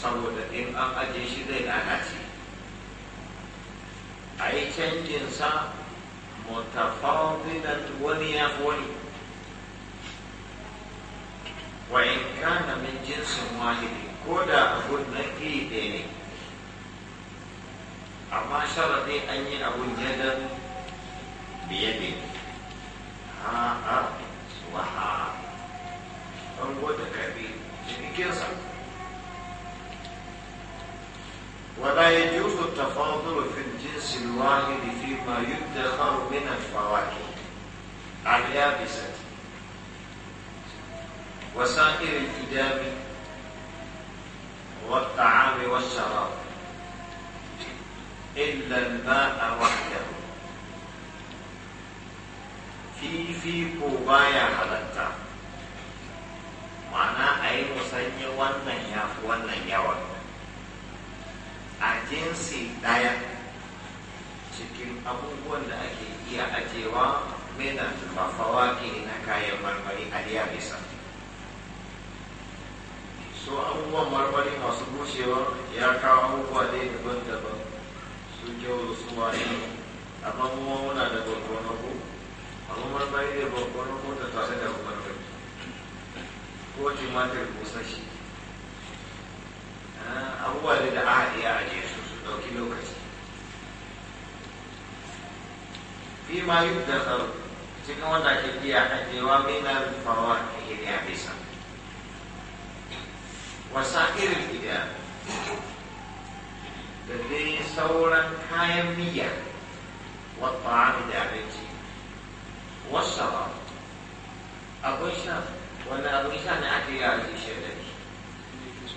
saboda in an ajiye shi zai lalace a yi sa mutafawilan wani ya wani wa in kana min jinsin wahidi ko da abun na iri ɗaya ne amma sharaɗi an yi abun yadan biye ne ha ha wa ha an gwada ƙarfi cikin sa ولا يجوز التفاضل في الجنس الواحد فيما يدخر من الفواكه عن اليابسة وسائر الإدام والطعام والشراب إلا الماء وحده في في كوبايا حلتا معناه أي مسجل ونن يا ونن يا ونن a jinsi ɗaya cikin abubuwan da ake iya ajewa mena ke na kayan marmari a bisa so abubuwan marmari masu bushewa ya kawo abubuwa ne daban-daban su kyau su wani amma kuma muna da gwagwano ko amma marmari da gwagwano ko ta tare da gwagwano ko jimatar busashi abubuwa da a haɗe a ajiye su su ɗauki lokaci fi ma yi da tsaro cikin wanda ke iya ajiyewa minar farawa a yi ne a bisa wasa irin gida da dai sauran kayan miya wata da abinci wasa ba abin sha wanda abin sha ne ake yi a ajiye shi da shi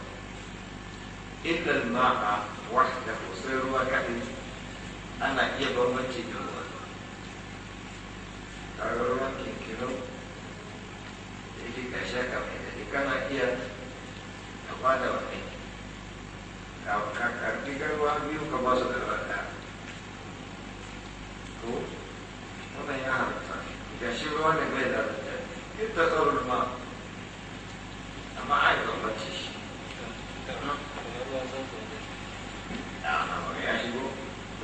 illa al-ma'a wahda sai ruwa kadai ana iya bambanci da ruwa kaga ruwan kinkiro da yake ka shaka mai daɗi kana iya ka bada wani ka karbi ruwa biyu ka ba su da rada ko wannan ya halatta ga shi ruwa ne bai da rada ita tsoron ma amma ai bambanci shi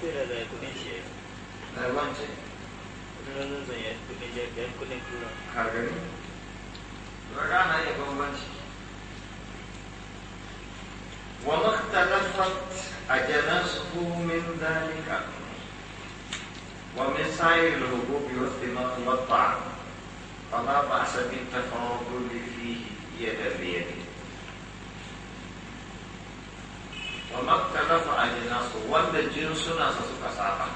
Sırada kuɗin shi na wance ranar zan ya kuɗin shi ya kuɗin tura ka gani raga na iya bambanci وما اختلفت أجناسه من ذلك ومن سائر الهبوب والثمار والطعام فلا بأس بالتفاضل فيه يدا بيد wa a ajinasu wanda jinsuna sa suka saba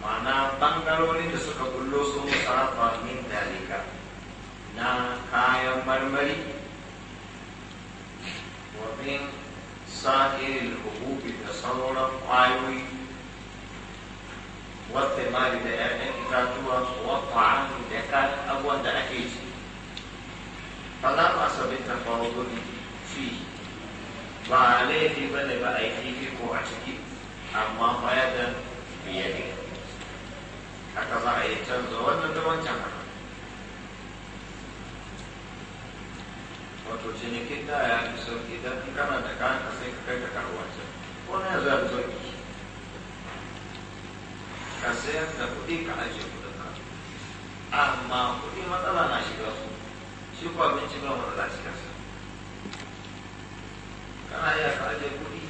Mana bangarorin da suka kullo sun saba min dalika na kayan marmari wa min sa'irin hukubi da sauran kwayoyi wata mari da 'ya'yan itatuwa wa hannu da kan abuwan da ake ci Ba za a sabita faruwa fi ba laifi ba ne ba a yi fifiko a ciki amma da biya ne haka za a yi canza wannan da wancan haka wato cinikin da ya fi sauki don kana da kan ka sai ka kai ka karuwancin wani yanzu ya fi sauki ka sayar da kuɗi ka ajiye kuɗin ka amma kuɗi matsala na shiga su shi ko abinci ba mu kana iya ka aje kuɗi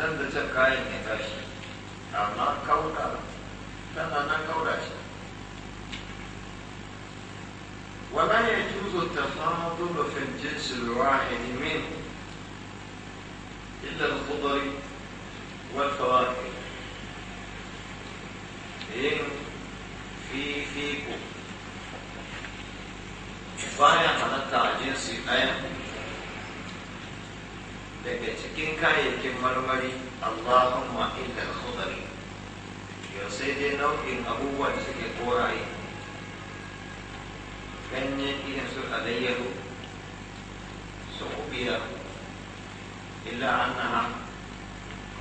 nan da can kayan ya tashi amma kauda tana nan kauda shi ولا يجوز التفاضل في الجنس الواحد منه إلا الخضر والفواكه إن في فيكم بايع حتى جنسي أيضا daga cikin kayayyakin marmari Allahumma illa khudari yau sai dai nau'in abubuwan suke koraye ganye irin su alayyaru su ubiya illa annaha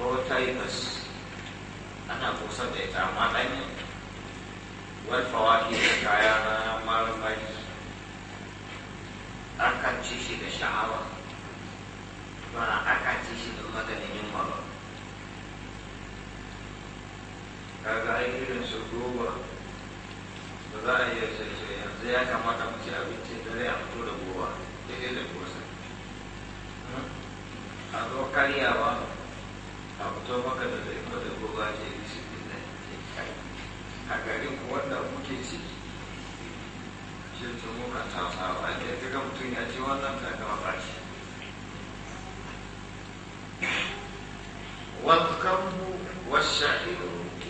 ko taifas ana kusa da ita amma ɗanye wal fawaki da kaya na marmari akan ci shi da sha'awa ba aka ci shi don maganin yunwa ba kaga ai irin su roba ba za a iya sai yanzu ya kamata mu ci abinci dare a fito da goba daidai da gosa hmm? a zo karyawa a fito maka da zai da goba ce bishikin da ke kai a garin wanda muke ci shi tumu ka tasa ba ne ga mutum ya ce wannan ka gama ba shi والكرب والشعير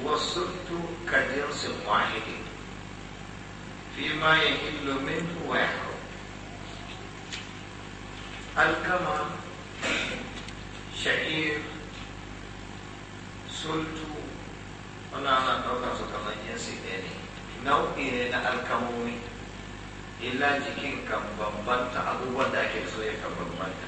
والسلط كجنس واحد فيما يحل منه ويحرم الكما شعير سلط wannan ana ɗaukar su kamar jinsi ɗaya ne nau'i ne na alkamomi Ila jikin kan bambanta abubuwan da ake so ya kan bambanta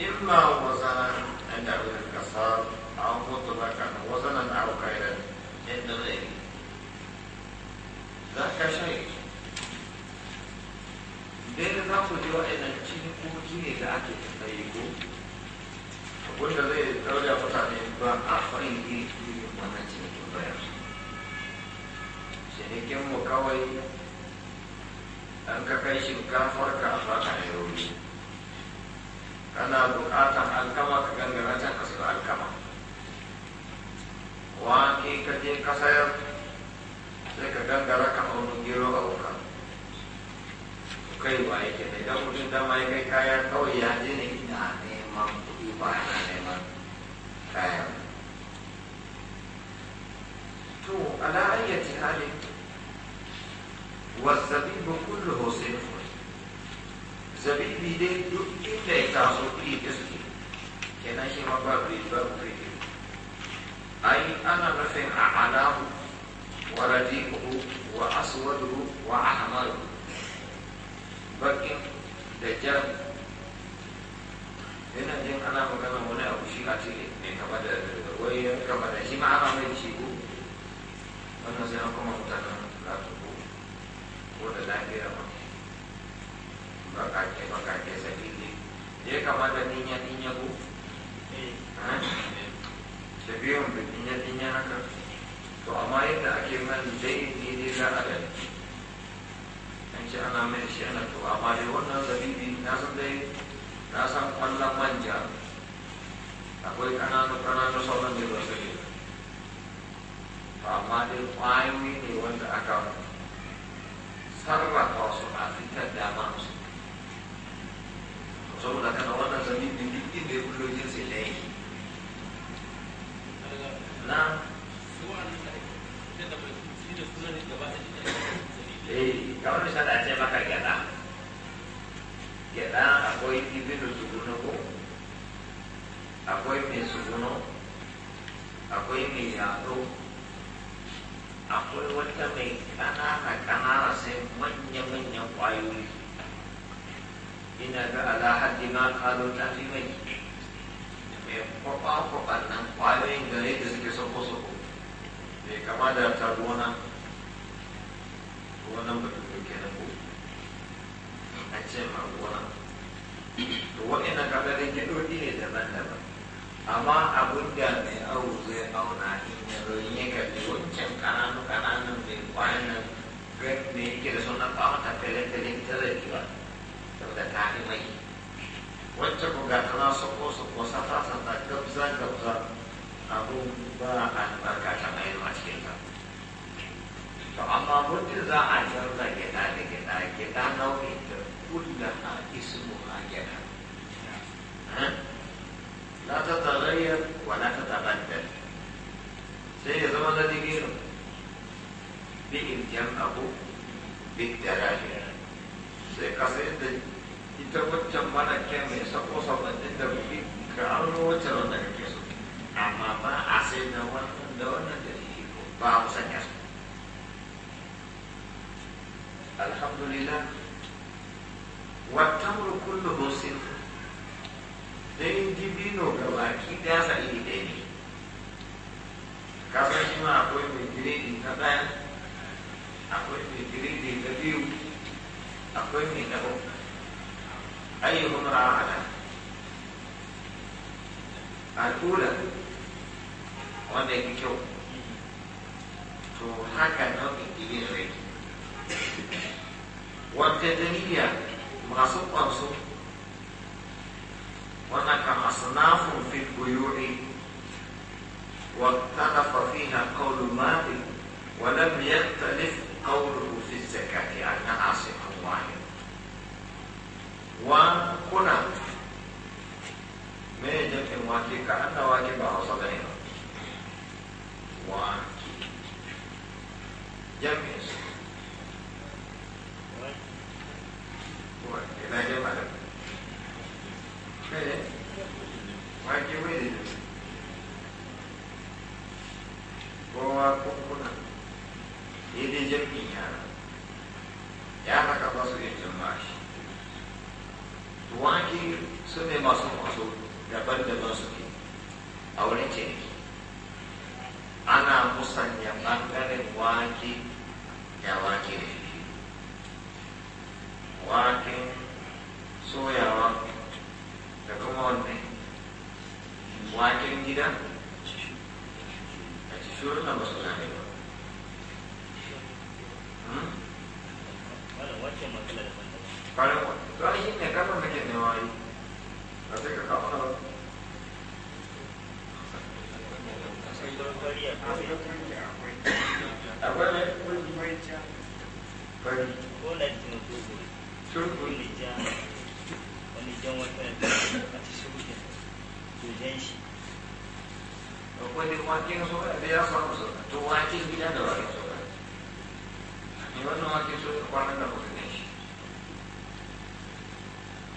إما وزنا عند أبي الكسار أو مطلقا وزنا أو كيلا عند غيره ذاك شيء dai za ku ji wa'annan cinkoki ne da ake tsaye ko wanda zai daure a mutane ba a farin iri iri wannan cinikin bayan cinikin mu kawai an ka kai shinkafar ka a baka yau kana bukatan alkama ka gangara can ka sayo alkama wake ka je ka sayar sai ka gangara ka aunin gero a wuka kai ba yake da idan mutum dama ya kai kayan kawai ya je ne ina neman kuɗi ba na neman kayan to ala ayyati halin wasabi كله صفر zabibi dai duk inda ya taso iri da suke kenan shi ma ba bai ba bai ai ana nufin a alahu wa radiquhu wa aswaduhu wa ahmaru bakin da jan yana jin ana magana wani abu shi a cikin ne kama da wai kama da shi ma ana mai shi ko wannan sai an kuma mutanen lafiya ko da lafiya ma. bakatnya bakatnya sedikit dia kamar ada tinya bu jadi yang tinya nak to amma yadda ake man dai ni dai za a da an ce ana mai shi ana to amma dai wannan zabibi na san dai na san kwallon manja akwai ƙananu ƙananu sauran da wanda da saboda kana wannan zami duk inda ya kullo jinsi da yake na eh kamar misali a ce maka gyada gyada akwai ibinu sukuno ko akwai mai sukuno akwai mai yaro akwai wata mai kanana kanana sai manya-manyan kwayoyi ina ga ala haddi ma kalo fi mai kwakwa nan kwayoyin gare da suke sako sako mai kama da ta gona gonan ba tuku kenan ko a ce ma gona to wa'ina kabarin kiɗoɗi ne daban-daban amma abin da mai awo zai auna in ya zo in ya kalli wancan ƙananu ƙananan mai kwanan nan ne yake da sunan ƙawata fele-fele ta zai ba da tafi mai wacce ku ga tana sako sako sata sata gabza gabza ba albarka ta mai ma cikin ta to amma muddin za a jarra gida da gida gida nau'in da kullaha a gida لا digiru. ولا تتبدل سيد زمان الذي غيره Sai جمعه بالدراجة سيقصد ita waccan mana ke mai sako sabannin da wuri ka auno waccan wanda ke so amma ba a sai da wannan da wannan da ko ba a mu sanya su alhamdulillah wattamru kulluhu sinfu dai dibino ga baki da sa iri ɗaya ne kasar shi ma akwai mai giredi na ɗaya akwai mai giredi na biyu akwai mai na uku أيهما أعلى؟ الأولى وأنا كيو تو هاكا نوك إلين ريك وابتدنية مغصوب أمصوب وأنك أصناف في البيوع واختلف فيها قول مالك ولم يختلف قوله في الزكاة أنها عاصمة واحدة wankuna mai jam'in wake ka an wake ba hausa bane ba wake jam'in su ina je malam ne wake mai da jami'i kowa kunkuna daidai jam'in yara ya haka ba su yin jama'a wake su ne masu masu daban-daban ke a wurin ciniki ana musanya ɓangaren wake da wake da shi waken soyawa da kuma wannan waken gida a cikin na masu zane ba. Hmm? Wannan waken matsala da Καλό πολύ. que ya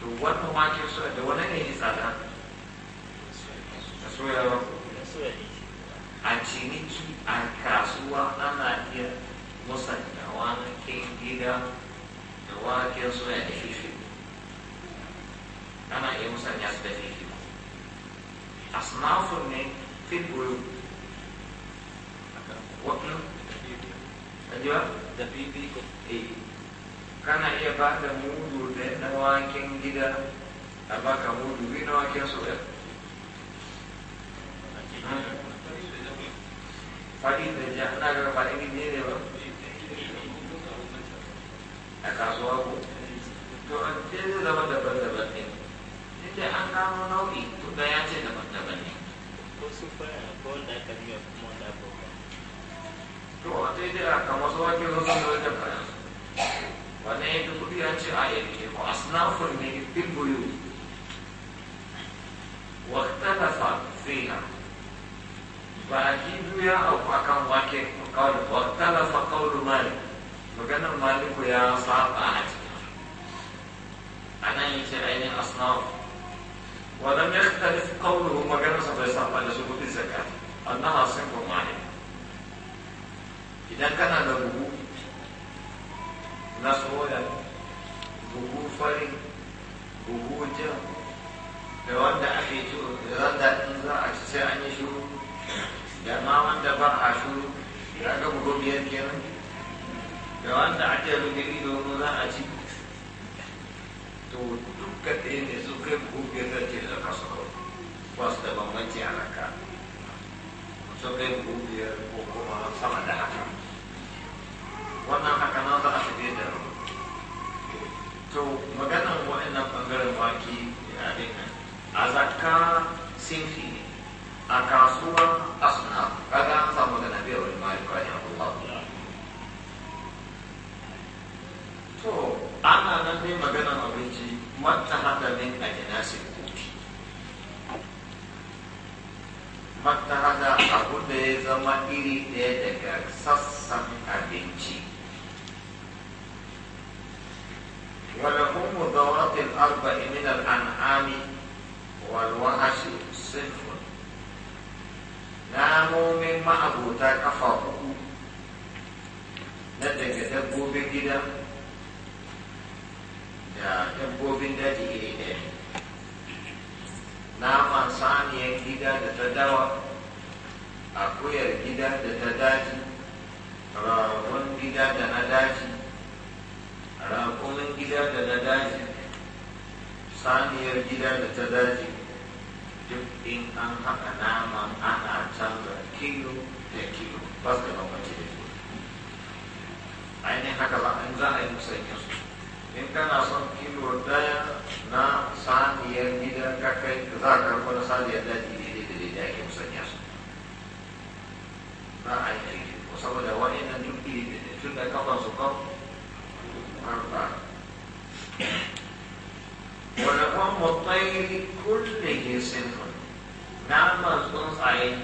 to wannan wake su da wani ne yi tsada a soyawa a ciniki a kasuwa ana iya musantawa na ke gida da waken soya da fifi ana iya the su As now for me, fit buru wakil da bibi the eh kana iya ba da mudu da na waken gida a baka mudu biyu na waken soya faɗi da ja ana ga faɗi ne ne ba a kasuwa ko to a cikin zama da daban ne yadda an gano nau'i to ga ya ce daban-daban ne ko su fara ko wanda aka biya kuma wanda aka ba to a daidai a kamar su wake zo da wajen fara وانا والنيجاتيف ياتي ايجاتيف واصناف النيجاتيف بيوت واختلف فيها فأكيد يا أو أكم واكي قول واختلف قول مالك وكان مالك يا صعب أحد أنا يجي عين أصناف ولم يختلف قوله ما كان صعب صعب على سقوط الزكاة أنها صنف مالك إذا كان له na soya buhu fari buhu jan da wanda ake ci randa in za a ci sai an yi da ma ba a shuru ya ga buhu biyar kenan ake rufe ido za a to duka ɗaya ne su kai biyar da ce da kasu wasu da bambanci a raka sun kai biyar ko kuma sama da haka wannan haka nan za a shige da to maganan wa'annan bangaren wake ya ne a zakka sinfi ne a kasuwa suna kaga an samu da na a wani malika ya Allah to ana nan dai magana abinci mata hada ne a jinasin kofi mata hada abun da ya zama iri ɗaya daga sassan abinci ولحوم ذوات الأربع من الأنعام والوحش صنف namomin ma'abota kafa uku na daga dabbobin gida da dabbobin daji iri ɗaya naman saniyar gida da ta dawa akuyar gida da ta daji ragon gida da na daji raƙumin gida da na daji saniyar gida da ta daji duk in an haka nama ana canza kilo da kilo ba su da bambanci da kilo ainihin haka ba an za a yi musanya su in kana son kilo daya na saniyar gida ka kai za a karɓo na saniyar daji ne da daidai ake musanya su za a yi aiki saboda nan duk iri da tun da kafa su kawo أربعة ولحم الطير كله سنه نعم صحيح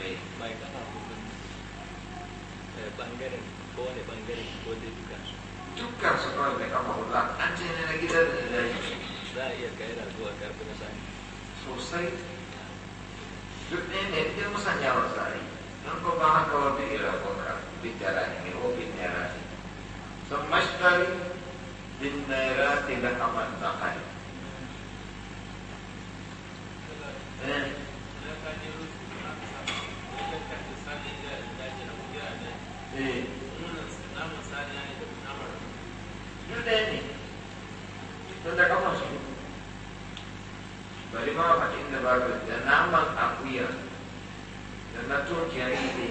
iri ne mai kafa kudin bangaren ko wani bangaren ko dai dukkan su dukkan su kawai mai kafa hudu an ce ne da zai iya gaira zuwa sosai ne ɗin انقطع به إلى القرآن بالدلالة وبالنيرات ثم اشتري بالنيرات Eh. ini. Bagaimana dan aku donator jaride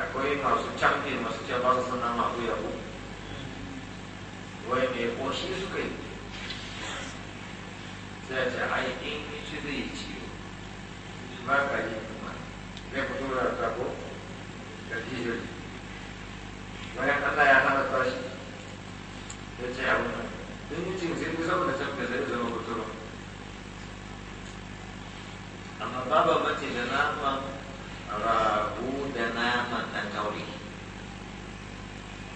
akwai masu camfe masu ce ba su suna masu yabo wai mai ƙoshi suka yi sai ce ai in ci zai ciwo ba ka yi kuma zai fito da tako da jiyoyi bayan allah ya hana tashi ya ce abin nan don mutum zai fi zama da camfe zai zama kuturum amma babu mace da nama rabu da nama ɗan kauri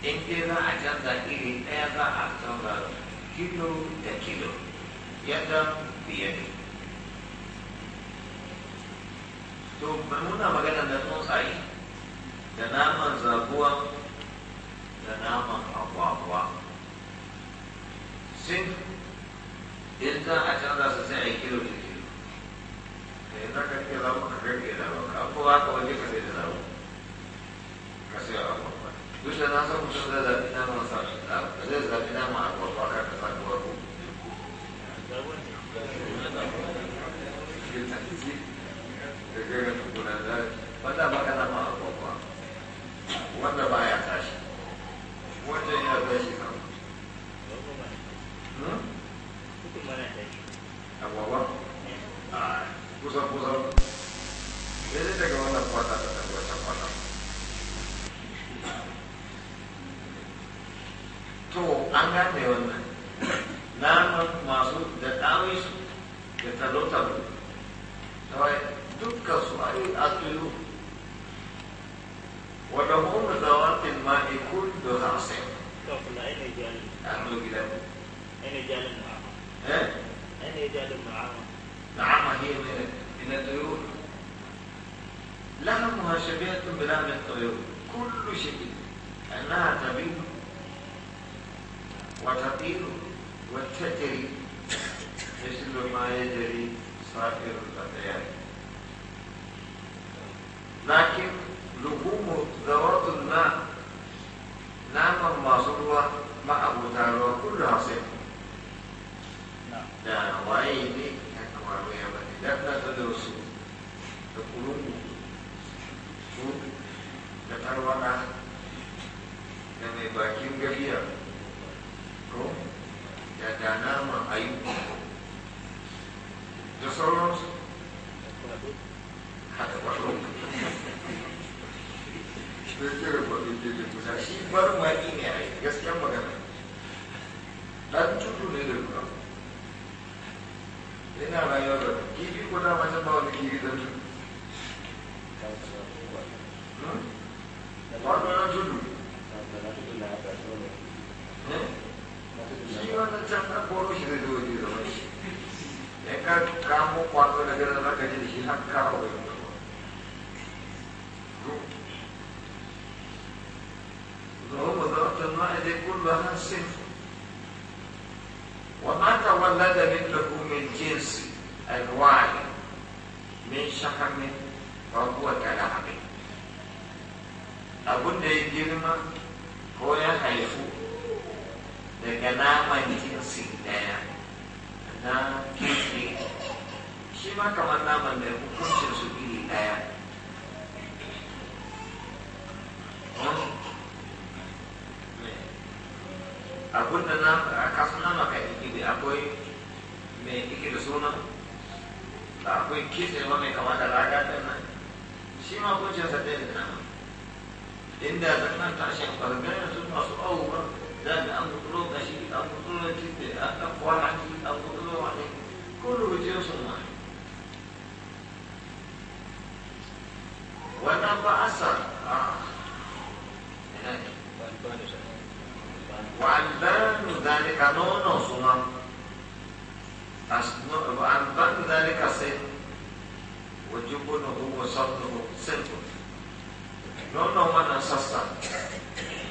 in dai za a canza iri ɗaya za a canza kilo da kilo yadda biya ne to ba nuna magana da tsuntsaye da naman zabuwa da naman agwagwa sun in za a canza rike na wanka ko wani ka zai da zawo ka sai a duk da na بنفسه وما تولد مثله من جنس انواع من شحم فهو كلعب لابد يجرم هو يحيفو لكنا ما جنس ديا نا كيفي شما كما نعمل من كل شيء سبيل abun da na kasu na maka ikiri akwai mai ikiri suna akwai kitse ma mai kama da raga ɗin nan shi ma sa ɗaya da nama inda zannan tashin ɓargar su masu auwa za ga an ga shi an kuɗuro kitse an ɗafuwa haki an wa wani ko rubutun su ma wannan ba asar a ne وألبان ذلك نون صمم وألبان ذلك سن وجبنه وصدره سن نون من أسسا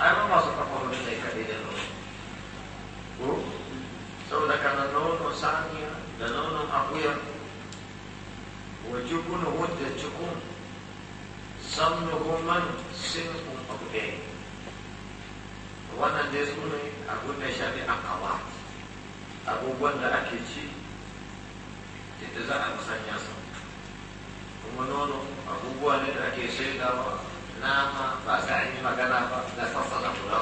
أنا ما سأقول لك إذا نون saboda kana nono saniya da nonon akuya wajibun wadda cikin sannuhu man wannan dai su ne abin da shafi a kawa abubuwan da ake ci yadda za a musanya su kuma nono abubuwa ne da ake shaidawa nama ba sa an yi magana ba da sassa na guda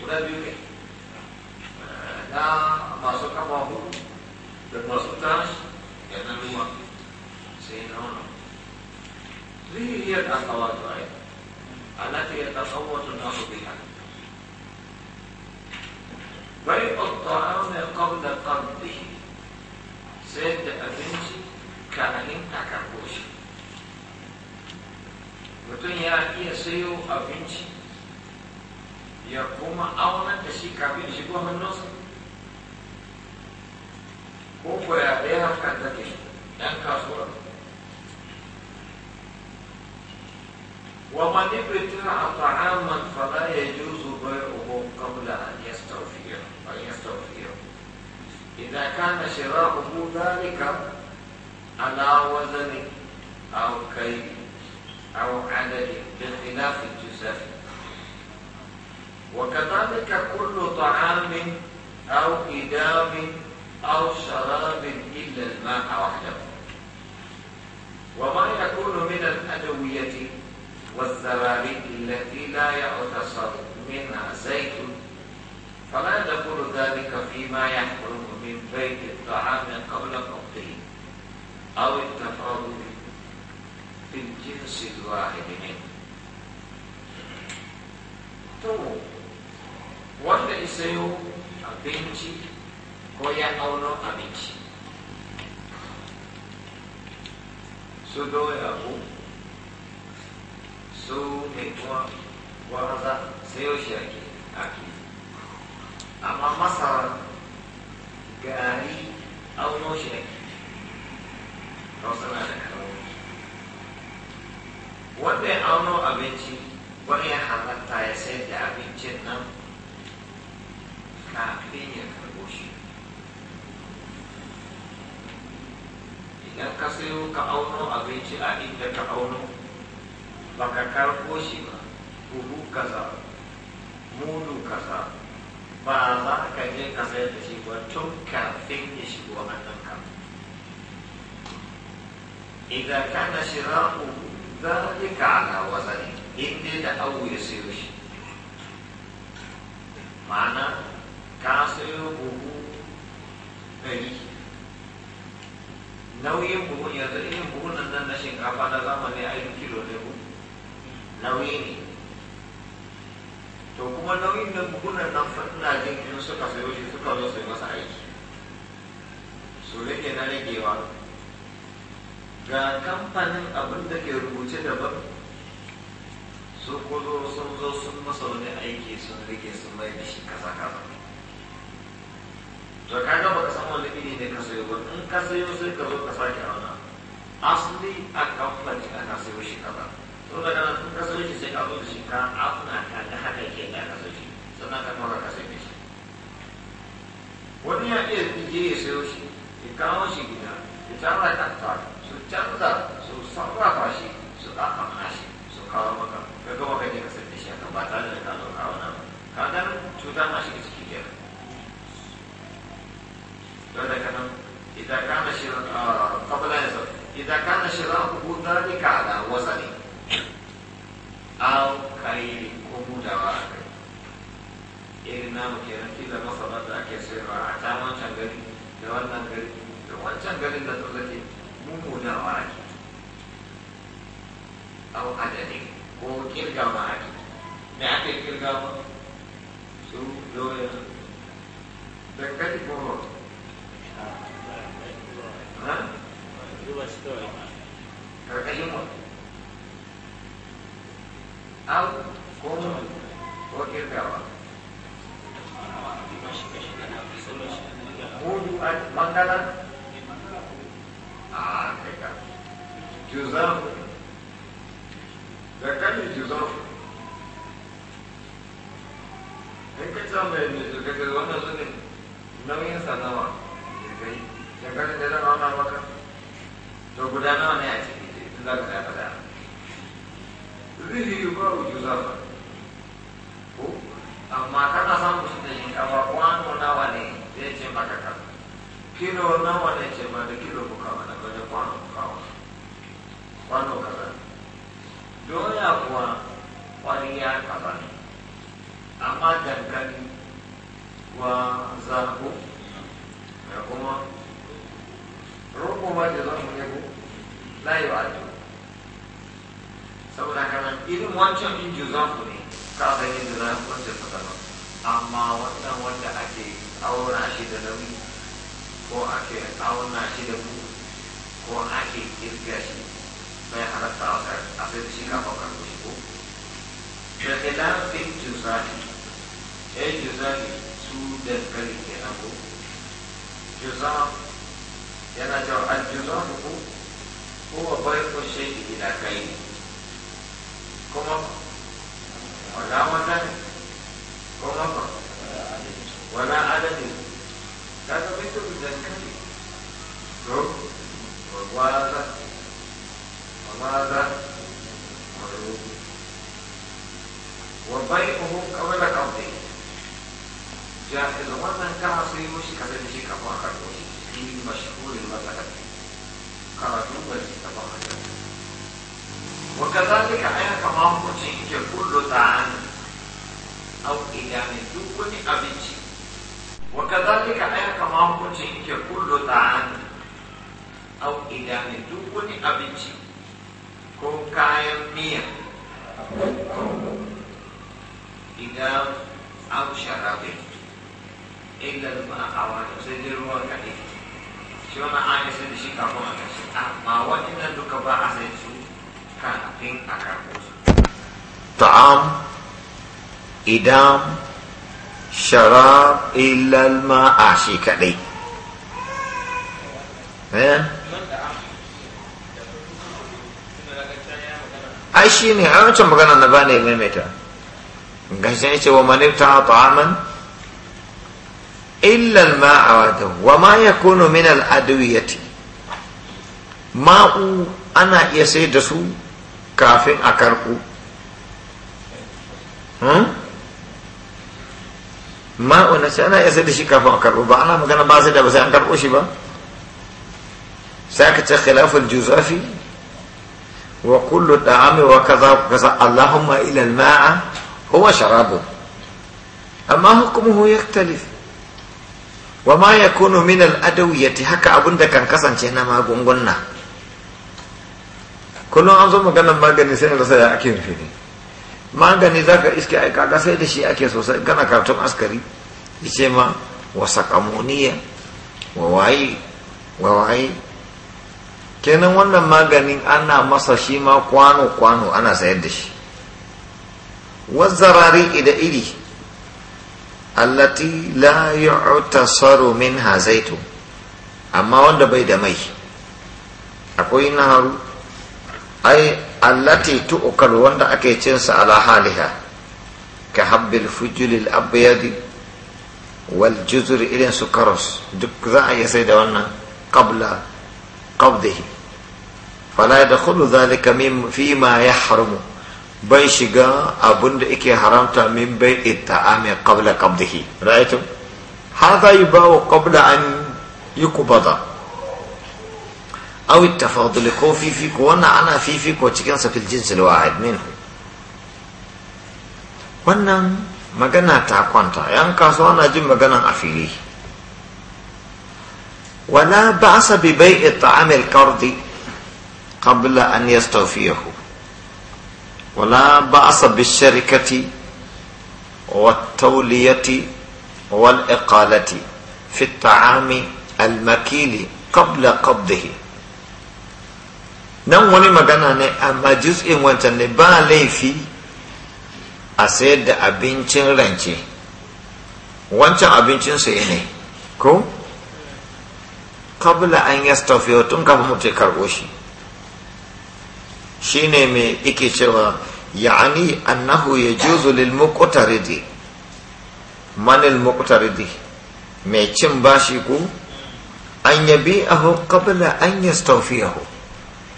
guda biyu ne na masu kama hudu da masu tashi da na ruwa sai nono zai iya kasawa zuwa ana ta iya kasawa tun nasu biya بيع الطعام قبل قبضه سيد أبنتي كان لن وتن يا إيه سيو أبنتي يا كوما أونا تسي كابين جيبوها من نصر كوكو يا بيها فكتاكي أنك أصورة ومن ابتلع طعاما فلا يجوز بيعه قبل أن يستوفيه أن إذا كان شراؤه ذلك على وزن أو كيد أو عدد بخلاف الجزاف وكذلك كل طعام أو إدام أو شراب إلا الماء وحده وما يكون من الأدوية والزرابي التي لا يعتصر منها زيت فلا تقول ذلك فيما يحرم من بيت الطعام قبل قبضه أو التفرد في الجنس الواحد منه تو وانا اسيو بنتي كويا او نو اميتي سدو يا ابو سو نيكوا وانا سيو شاكي amma masa gari auno shi ake hausana da kalmomi wanda ya auno abinci wani ya halatta ya sayar da abincin nan kafin ya karbo shi idan ka sayo ka auno abinci a inda ka auno baka karbo shi ba kuru kaza mudu kaza ba za ka je ka mayar da shi ba tun kafin ya shigo a kan idan a yi ka ana wasa ne inda da abu ya sayo shi ma'ana ka sayo buhu ɗari nauyin buhun yanzu irin buhun nan na shinkafa na zamani a kilo ne nauyi ne to kuma nauyin da bukunan nan fadina jin in suka sayo shi suka zo su yi masa aiki su rage na ragewa ga kamfanin abin da ke rubuce daban su kuzo sun zo sun masa wani aiki sun rage sun mai da shi kasa kasa to ka ga baka san wani iri ne ka sayo ba in ka sayo sai ka zo ka sake auna asali a kamfani ana sayo shi kaza to daga nan ka sayo shi sai ka zo da shi ka auna ka ga haka надо много разобить. Wouldn't it be Jesus, kita, Kaoshigina, the Jarakata, so Janda, so Sabrahashi, so Akamashi, so Kawamaka, the Gawaka Dikasatishi, and the Batana, the Kano Kawana, Kadan, Chudamashi is here. Dada Kanam, إذا كان شراء قبل أن يصل إذا كان شراءه ذلك على وزن أو خير كمودة وآخر irin namu kenan kila masarar da ake sayarwa a ta wancan gari da wannan gari da wancan garin da tsallake mummunar maraki au adadin ko kirga maraki me ake kirga ma su doya dankali ko rotu karkashin wa au ko ko kirgawa موضوعات ne da guda a zai yi ba amma kana samu shi da shinkafa kwano nawa ne zai ce maka ka kilo nawa ne ce ba da kilo kuka mana ba da kwano kuka wani kwano kaza doya kuwa kwariya kaza ne amma dankali wa zago ya kuma roƙo ba da zan mu yabo layi ba saboda kana irin wancan in juzan ku ne ka san yadda za a kunce amma wannan wanda ake aura shi da nauyi ko ake auna shi da mu ko ake kirkiya shi bai halatta a sai da shi kafa karɓo shi ko da khilafin juzati ɗan zafi su da kare ke na ko yana cewa al juzam ko ko bai ko shi ila kai kuma ولا وزن ومطر ولا عدد هذا مثل الزكاة شوف والوازة وماذا وبيعه قبل قبضه جاهز ومن كعصي مش كذا شيء كفاخر في مشهور المذهب قرأتم ولا تفاخر وكذلك أنا كمان كنت كل طعام أو إدام دون أبنتي وكذلك أنا كمان كنت كل طعام أو إدام دون أبنتي ko kayan miya idan an sharabe inda zuma a wani sai dai ruwan kaɗai shi wani an yi sai a duka ba a طعام إدام شراب إلا الماء عشي كدي ai ne a wancan magana na ba ne maimaita gashin ya ce wa manifta ta'aman illal ma'a wata wa ma ya kuno min al'adawiyati ma'u ana iya sai da su kafin a karɓo hmm? ma'una sai ana da shi kafin a karɓo ba ana magana ba sai da ba sai an karɓo shi ba sai aka ce khilafin juzafi wa kullu wa kaza allahumma maa huwa amma yaktalif wa ma yakunu min al-adawiyati kan kasance na magunguna kullum an zo maganar magani sai rasa ya ake rufe ne magani za ka iske aika kaga sai da shi ake sosai kana karatun askari ya ce ma wa sakamoniya wa kenan wannan maganin ana masa shi ma kwano-kwano ana sayar da shi wazzarari ida iri allati la yu'tasaru min hazaitu amma wanda bai da mai akwai na haru. ai allati tu'kal wanda ake cin sa ala haliha ka habbil fujulil abyadi wal juzur ilin su karos duk za a iya da wannan qabla qabdihi fala yadkhulu dhalika min fi ma yahrumu bai shiga abun da yake haramta min bai itta'ami qabla qabdihi ra'aytum hadha yubawu qabla an yukbada أو التفاضل كو في فيك وانا أنا في فيك وتشكن في الجنس الواحد منه وانا ما قلنا تاكوانتا تا يعني كسو أنا جم ما قلنا أفيليه ولا بأس ببيع الطعام الكرد قبل أن يستوفيه ولا بأس بالشركة والتولية والإقالة في الطعام المكيل قبل قبضه nan wani magana ne amma juz'in wancan ne ba laifi a sayar da abincin rance wancan abincin sai ne ko kabla an stafiyo tun kafa mutu karbo shi shine mai ike cewa ya'ani annahu ya juzu lil muqtaridi manil muqtaridi mai cin bashi ku an yabi ahu kabla an yastafiyahu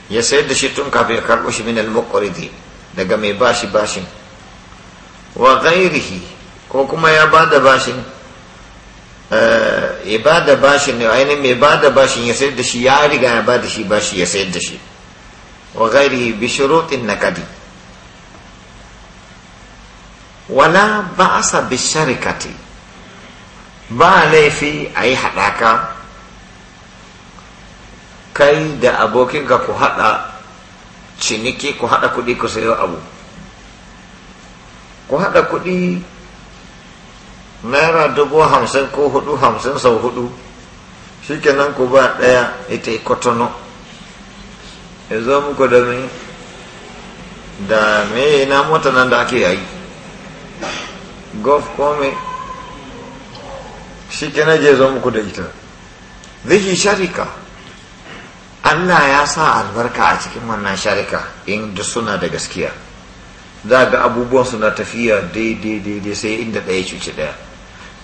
ya sayar da shi tun kafin ya karɓo shi min muqridi daga mai bashi bashin wa ghairihi ko kuma ya bada bashin eh, ya bada bashin ne mai bada bashin ya sayar da shi ya riga ya bada shi bashi ya sayar da shi wa ghairihi bi shurutin wala ba'asa bi sharikati ba laifi a yi haɗaka kai da abokinka ku haɗa ciniki ku haɗa kuɗi ku sayo abu ku haɗa kuɗi naira dubu hamsin ko hudu hamsin sau hudu kenan ku ba ɗaya ita yi kotono ya zo muku da me da me na mota nan da ake yayi golf kome kenan je zo muku da ita zai sharika Allah ya sa albarka a cikin wannan sharika in da suna da gaskiya za ga abubuwan suna tafiya daidai daidai sai inda ɗaya cuci ɗaya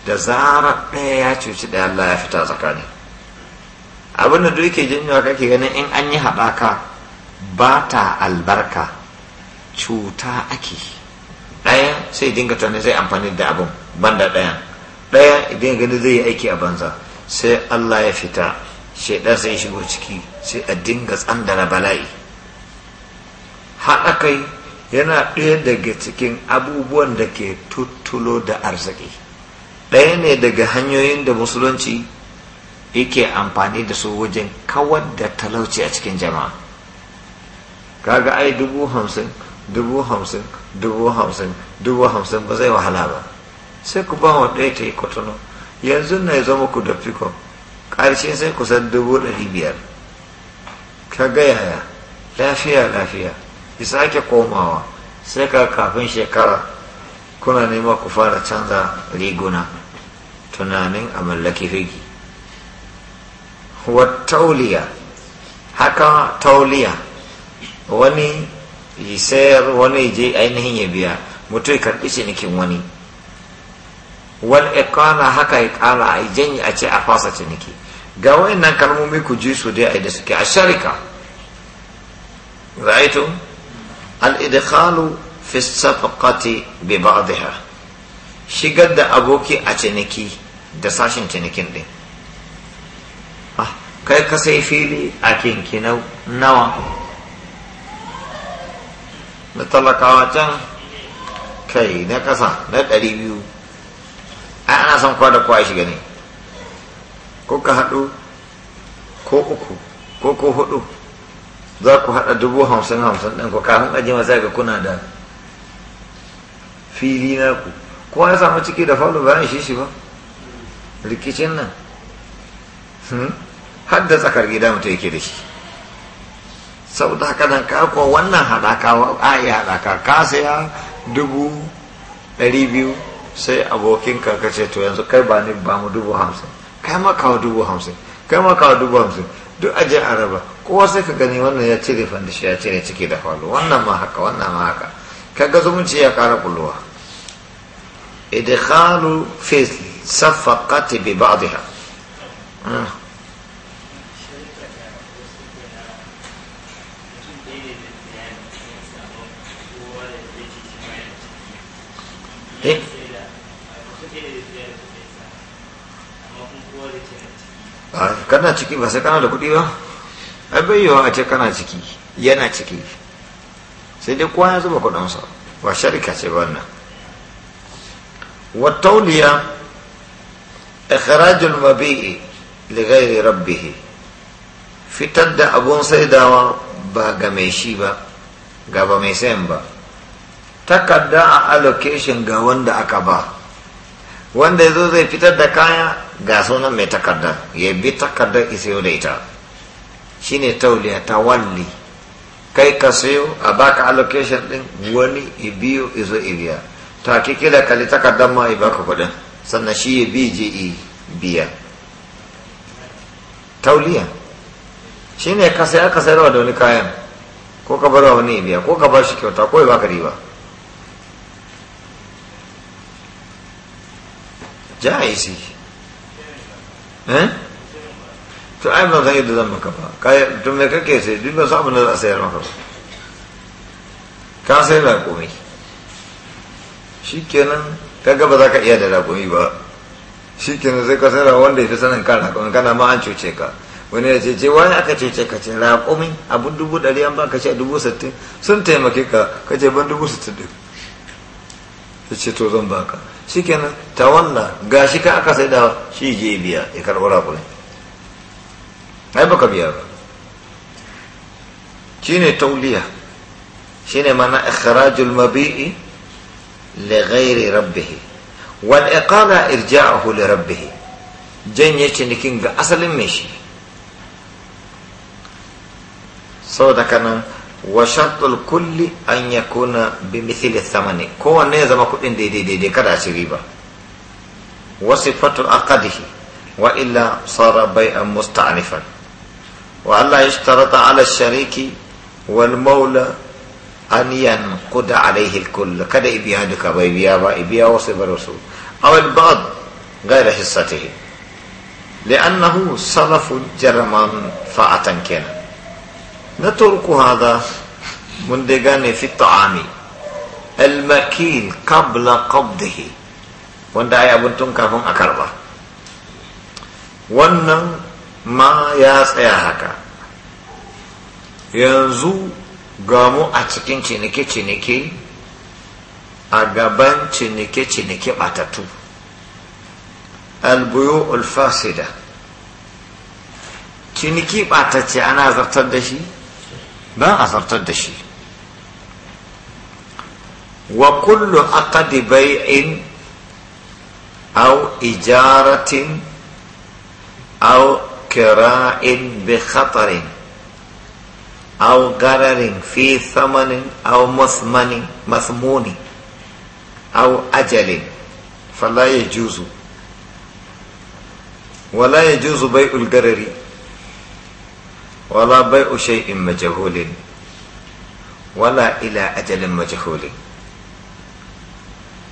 da zara ɗaya ya cuci ɗaya Allah ya fita tsakani abin da duk yake janyowa kake ganin in an yi haɗaka ba ta albarka cuta ake ɗaya sai dinga tunanin zai amfani da abin banda ɗayan ɗaya idan gani zai yi aiki a banza sai Allah ya fita shaidar sai shigo ciki sai a dinga na bala'i Haɗakai yana ɗaya daga cikin abubuwan da ke tuttulo da arziki ɗaya ne daga hanyoyin da musulunci yake amfani da su wajen kawar da talauci a cikin jama'a kaga ai dubu hamsin dubu hamsin dubu hamsin dubu hamsin ba zai wahala ba sai ku ba wa ɗaya ta yi kwatano yanzu na ya zama ku da fikon ƙarshe sai kusan dubu ɗari biyar ka gayaya lafiya lafiya ki sake komawa sai ka kafin shekara kuna nema ku fara canza riguna tunanin a mallaki figi tauliya haka tauliya wani sayar wani je ainihin ya biya mutum karɓi cinikin wani wal iqama haka iqama ai janyi a ce a fasa ciniki ga wayannan kalmomi ku ji su dai a yi da suke a sharika ra'aytum al idkhalu fi safaqati bi ba'dha shigar da aboki a ciniki da sashin cinikin din ah, kai ka sai fili a kinkinau nawa na talakawa can kai na kasa na ɗari biyu ai ana san kowa da kowa shiga ne ko ka haɗu ko uku ko ko hudu za ku haɗa dubu hamsin hamsin ɗin ku kafin aje masa ga kuna da fili na ku Kuma ya samu ciki da falo bayan shi shi ba rikicin nan hmm? har da tsakar gida mutum yake da shi saboda haka nan ka ko wannan haɗaka a iya haɗaka ka saya dubu ɗari biyu sai abokin kaka ce to yanzu kai ba ni ba mu dubu hamsin kai ma kawo dubu hamsin kai ma kawo dubu hamsin duk aje araba kowa sai ka gani wannan ya cire fanda shi ya cire ciki da falo wannan ma haka wannan ma haka ka ga zumunci ya kara kulluwa idkhalu fi safaqati bi ba'dha hmm. eh kana ciki ba sai kana da kuɗi ba ai bayyawa a ce kana ciki yana ciki sai dai kowa ya zuba kuɗinsa ba sharika ce ba nan والتولية mabi'i المبيء لغير ربه fitar da abun saidawa ba ga mai shi ba ga ba mai sayan ba takarda a allocation ga wanda aka ba wanda ya zo zai fitar da kaya ga sunan mai takardar ya bi takardar yau da ita shine tauliya ta walli kai ka sayo a baka allocation din wani ibiyo izo ibiya ta kike da kali takardar ma ya baka kudin sannan shi ya bi je biya tauliya shine ka sai aka sayarwa da wani kayan ko ka bar wani biya ko ka bar shi kyauta ko ya baka riba isi Eh? to ai ban san yadda zan maka ba kai to me kake sai duk ba sabon da sai a sayar maka ba ka sai raƙumi shikenan kaga ba za ka iya da raƙumi ba shikenan sai ka sai wanda ya fi sanin kan raƙumi kana ma an cuce ka wani ya ce ce wani aka cuce ka ce a abin dubu dari an baka ce dubu sittin sun taimake ka ka ce ban dubu sittin ɗin ya ce to zan baka ta wannan gashi ka aka sai da shi je biya ya karɓi raƙumin ai baka biya ba shine tauliya shine mana ikhrajul mabi'i li ghairi rabbih wal iqala irja'uhu li rabbih janye cinikin ga asalin mai shi saboda kanan وشرط الكل أن يكون بمثل الثمن كو نيزم كل دي دي دي, دي كرع سريبا وصفة عقده وإلا صار بيعا مستعنفا وألا يشترط على الشريك والمولى أن ينقد عليه الكل كذا إبيا دكا با إبيا وصف الرسول أو البعض غير حصته لأنه صرف جرما فاعتن كان نترك هذا مندقان في الطعام Almakin kabla قبضه wanda yi abin tun kafin a karba wannan ma ya tsaya haka yanzu gamu a cikin cinike-cinike a gaban cinike-cinike batatu albuyo ulfasida ciniki batacce ana zartar da shi با اثرت الدشي وكل عقد بيع او إجارة او كراء بخطر او قرر في ثمن او مثمن مثمون او اجل فلا يجوز ولا يجوز بيع القرر ولا بيع شيء مجهول wala ila ajalin majahuli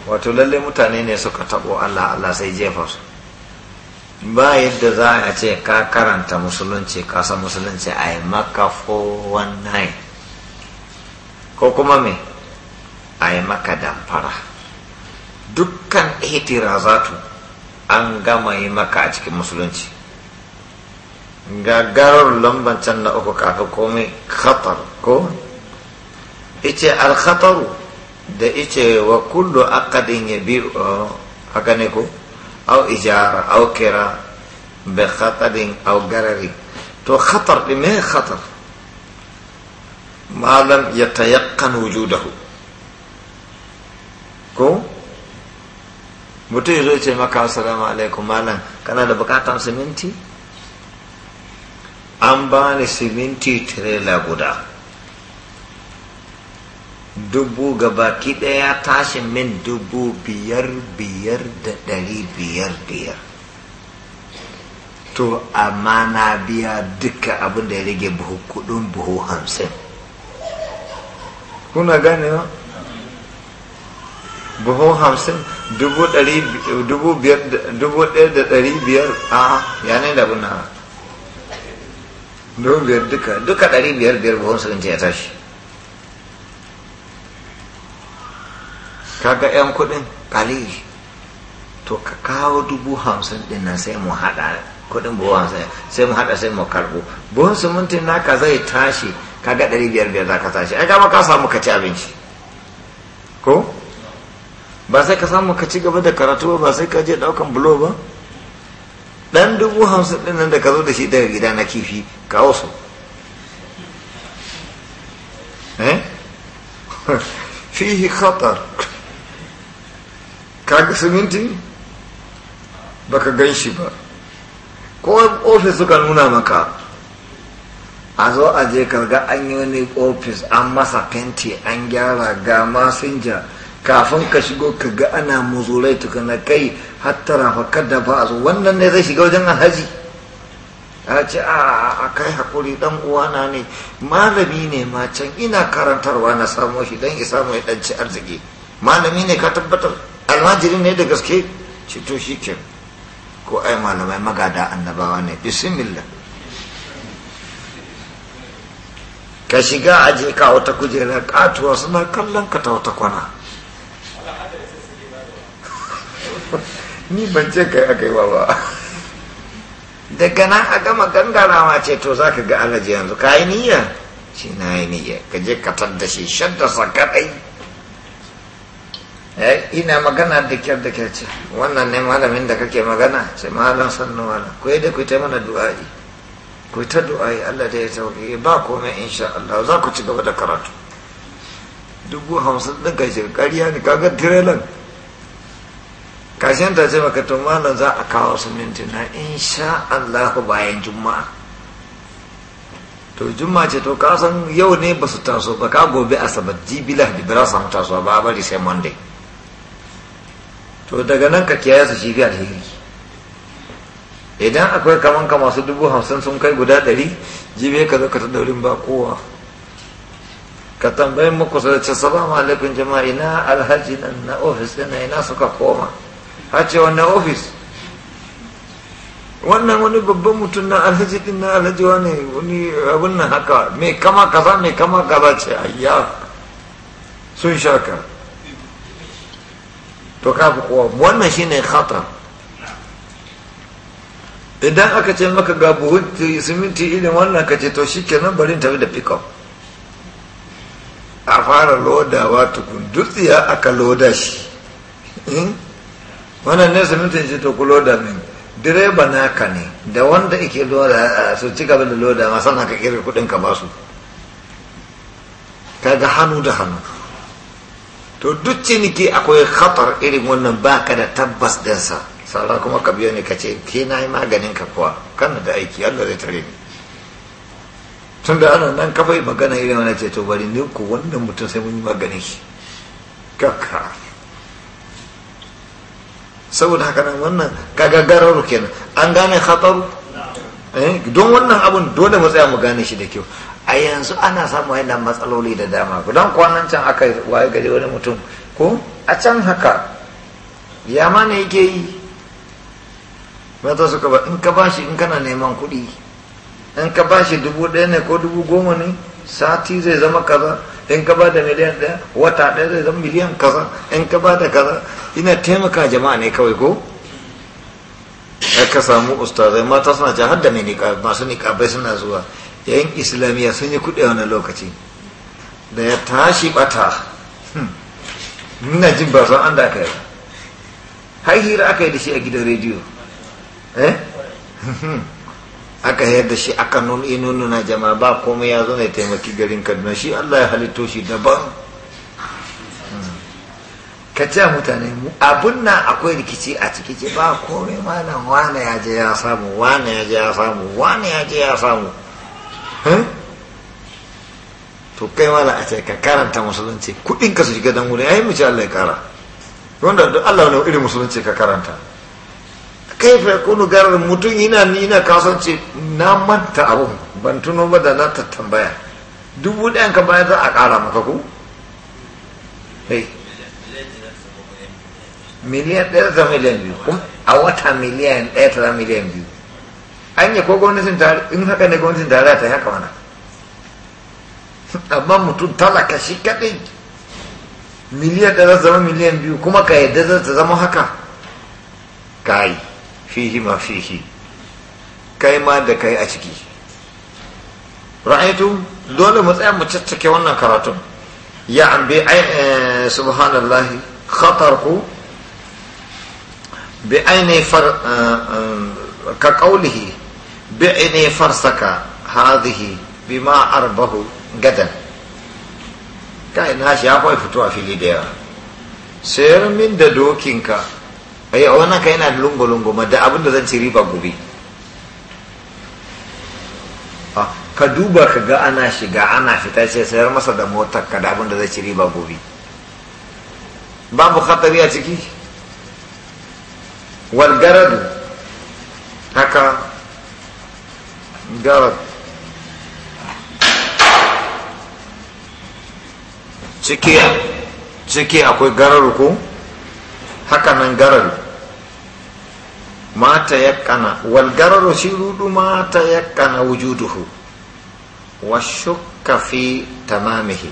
wato lalle mutane ne suka tabo Allah Allah sai jefa su ba yadda za a ce ka karanta musulunci ka san musulunci a yi maka 419 ko kuma me a yi maka damfara dukkan ihtirazatu an gama yi maka a cikin musulunci gagarar lamban can na uku kafin komai khatar ko ice alkhataru da ice wa kullu akadin ya bi haka ne ko au ijara au kira bi khatarin au garari to khatar ɗin me khatar malam ya tayakkan wujudahu ko mutum ya zo ce maka assalamu alaikum malam kana da bukatan siminti an ba ni siminti tirela guda dubu gabaki daya tashi min dubu biyar biyar da dari biyar biyar to amma na biya duka abin da ya rage buhu kudin buhu hamsin kuna ganewa buhu hamsin dubu ɗaya da dari biyar a yanayi da buna dubu biyar duka duka ɗari biyar biyar buhun siminti ya tashi kaga yan kuɗin kalili to ka kawo dubu hamsin din nan sai mu haɗa kuɗin buhu hamsin sai mu haɗa sai mu karɓo buhun simintin naka zai tashi kaga ɗari biyar biyar za ka tashi ai gama ka samu ka ci abinci ko ba sai ka samu ka ci gaba da karatu ba sai ka je ɗaukan bulo ba dan dubu hamsin din nan da ka zo da shi daga gida na kifi kawo su eh? fihi khatar kaga siminti baka gan shi ba ko ofis suka nuna maka a zo a je karga an yi wani ofis an masa fenti an gyara ga masinja kafin ka shigo ka ga ana muzurai tukuna kai hattara fakar da ba a zo wannan ne zai shiga wajen alhaji a ce a kai hakuri dan uwana ne malami ne ma can ina karantarwa na samo shi dan isa mai dan ci arziki malami ne ka tabbatar almajiri ne da gaske ce to shi ke ko ai malamai magada annabawa ne bismillah ka shiga aje ka wata kujera katuwa suna kallon ka ta wata kwana ni ban ce kai aka yi ba daga nan a gama gangarawa ce to za ka ga alaji yanzu ka yi niyya shi na yi niyya ka je ka tadda shi shadda sa kadai eh, ina magana da kyar da kyar ce wannan ne malamin da kake magana ce malam sannu wala ku yi da ku ta mana du'a'i ku ta du'a'i Allah da ya sauke ba komai insha Allah za ku ci gaba da karatu dubu hamsin ɗin kai shi ƙarya ne kaga tirelan kashin ta ce maka tumana malam za a kawo siminti na insha Allah bayan juma'a to juma'a ce to kasan yau ne ba su taso ba ka gobe a sabar jibila da bira samu taso ba bari sai monday to daga nan ka kiyaye su shiga alheri idan akwai kaman ka masu dubu hamsin sun kai guda ɗari jibe ka zo ka ta daurin ba kowa ka tambayin muku da ce salamu alaikum jama'a ina alhaji na ofis ina ina suka koma hace wannan ofis wannan wani babban mutum na alhaji din na alhaji wani wani abin nan haka mai kama kaza mai kama kaza ce ayya sun shaka to kafa kowa wannan shine khata idan aka ce maka ga buhun siminti irin wannan ka ce to shi kenan barin tafi da pikon a fara lodawa tukun dutsiya aka loda shi hmm? wannan ne su mintin shi to ku loda min direba naka ne da wanda ike loda su ci gaba da loda ma sannan ka kira kudin ka basu kaga hannu da hannu to duk ciniki akwai khatar irin wannan baka da tabbas dinsa sannan kuma ka biyo ne ka ce ke na yi maganin ka kuwa kan da aiki Allah zai tare ni tun da ana nan kafa magana irin wani ce to bari ne ku wannan mutum sai mun yi maganin shi kakka saboda haka nan wannan gagagarar kenan an gane khataru eh, don wannan abun dole mu tsaya mu gane shi da kyau a yanzu ana samu yana matsaloli da dama don kwanan can aka waye gari wani mutum ko a can haka ya ma ne yake yi mata suka ba in ka bashi in kana neman kuɗi in ka bashi dubu ɗaya ne ko dubu goma ne sati zai zama kaza in ka ba da miliyan ɗaya wata ɗaya zai zama miliyan kaza in ka ba da kaza ina taimaka jama'a ne kawai ko ya ka samu ustazai mata suna ce har da mai masu niƙabai suna zuwa yayin islamiyya sun yi kuɗi wani lokaci da ya tashi bata hmm. ina jin ba san an da aka yi har hira aka yi da shi a gidan rediyo eh hmm. aka yar da shi aka nun na jama'a ba komai ya zo ne taimaki garin kaduna shi allah ya halitto shi daban hmm. ka ce mutane abun na akwai rikici a ciki ce ba komai malam wane ya je ya samu wane ya je ya samu wane ya je ya samu to kai na a ce ka karanta musulunci kudin ka su shiga dan wuri ayi mu ce allah ya kara wanda allah ne irin musulunci ka karanta kaifa kunu garar mutum yana ni na kasance na manta abu ban tuno ba da na tambaya dubu ɗayan ka bayan za a ƙara maka ku miliyan ɗaya ta miliyan biyu kuma a wata miliyan ɗaya ta miliyan biyu an yi ko gwamnatin tare in haka ne gwamnatin tare ta haka wana amma mutum talaka shi kaɗai miliyan ɗaya zama miliyan biyu kuma ka yadda za ta zama haka ka yi fihi ma fihi kai ma da kai a ciki ra'aitu dole mu tsaya mu caccake wannan karatun ya an bi eh, subhanallah khatar ku bi aini far eh, eh, ka qawlihi bi aini farsaka hadhihi bima arbahu gadan kai na shi ya fito a fili da yawa sayar min da dokinka ai eh, a wannan ka yana da lungo-lungo ma da abinda zan ci riba gobe ah, ka duba ka ga ana shiga ana fita ce sayar masa da motar ka da abinda zai ci riba gobe babu khatari a ciki wal garadu haka garad ciki akwai gararu ko haka nan gararu ma ta wal walgararu shi rudu ma ta yakkana wujuduhu wa shukka fi tamamihi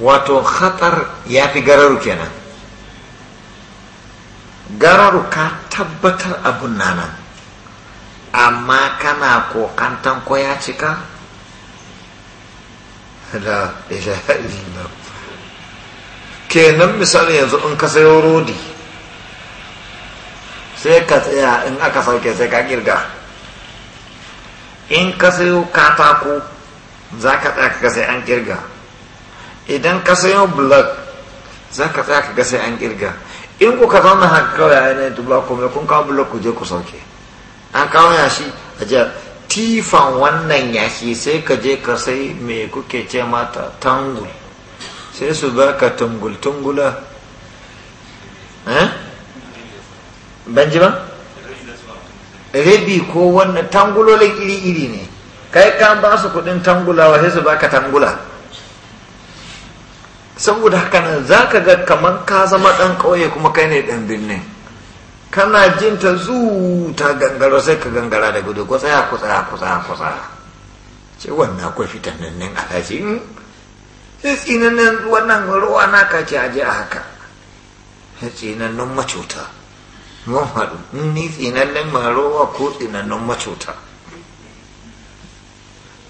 wato khatar ya fi gararu kenan gararu ka tabbatar abun nan amma kana kokantan ko ya cika la ilaha illallah kenan misali yanzu in ka sayo rodi sai ka tsaya in aka sauke sai ka girga in ka sayo katako za ka tsaya ka sai an girga idan ka sayo blog za ka tsaya ka sai an girga in ku ka zauna haka kawai a yanayin tuba kuma kun kawo blog ku je ku sauke an kawo shi a jiya tifan wannan yashi sai ka je ka sai me kuke ce mata tangul sai su baka tungul tungula eh ban ji rabi ko wannan tangulolin iri-iri ne kai ka ba su kudin tangula wa sai su baka tangula saboda haka nan za ka ga kamar ka zama dan kauye kuma kai ne dan birnin kana jin ta zuta gangaro sai ka gangara da gudu kusa kusa kusa kusa ce wannan akwai fitannin alhaji hmm. sai tsinannen wannan ruwa na kaci ce aje a haka sai tsinannen macuta mun haɗu ni maro wa ko nan macuta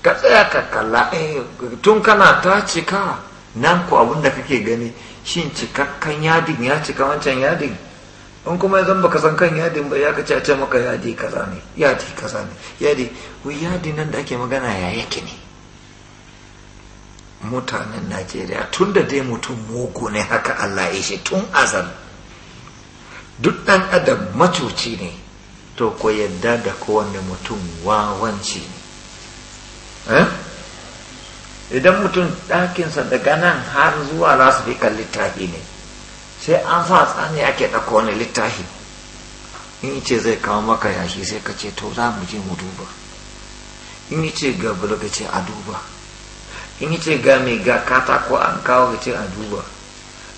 ka tsaya ka kalla eh, tun kana ta cika nan ku abin da kake gani shin cikakken yadin ya cika wancan yadin in kuma ya zan baka san kan yadin ba ya kace ce maka yadi kaza ne yadi kaza ne yadi wai yadi nan da ake magana ya yake ne mutanen najeriya tun da dai mutum mugu ne haka allah ya shi tun azal duk ɗan adam macuci ne to ko yadda da kowane mutum wawanci ne eh? idan mutum ɗakinsa daga nan har zuwa lasifikan fi kan littafi ne sai an sa tsani ake ɗauka wani littafi in ce zai kawo maka yashi sai ka ce to za mu je mu duba in ce ga bulga ce a duba in ce ga mai ga katako an kawo ka ce a duba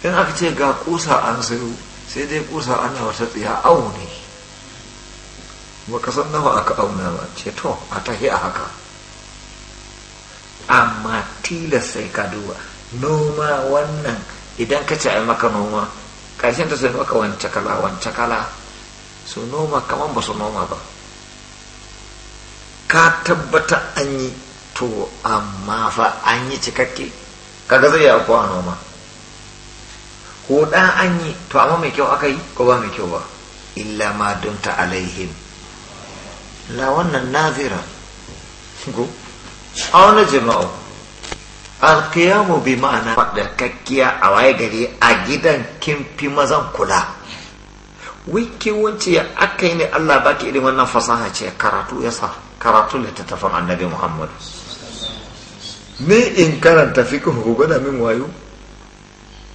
in aka ce ga kusa an sayo sai dai kusa ana wata tsiya auni baka san nawa aka auna ba ce to a tahi a haka amma tilas sai ka duba noma wannan idan ka ce a maka noma ƙarshen ta sai maka wance kala wance kala su noma kaman ba su noma ba ka tabbata an yi to amma fa an yi cikakke kaga zai yi a noma ko ɗan an yi to amma mai kyau aka yi ko ba mai kyau ba illa ma ta alaihim la wannan nazira go a wani jima'u alkiyamu bi ma'ana faɗarkakkiya a waye gari a gidan kin mazan kula wiki wance ya aka yi ne Allah baki irin wannan fasaha ce karatu ya sa karatu littattafan annabi Muhammad ne in karanta fiqh ko da min wayo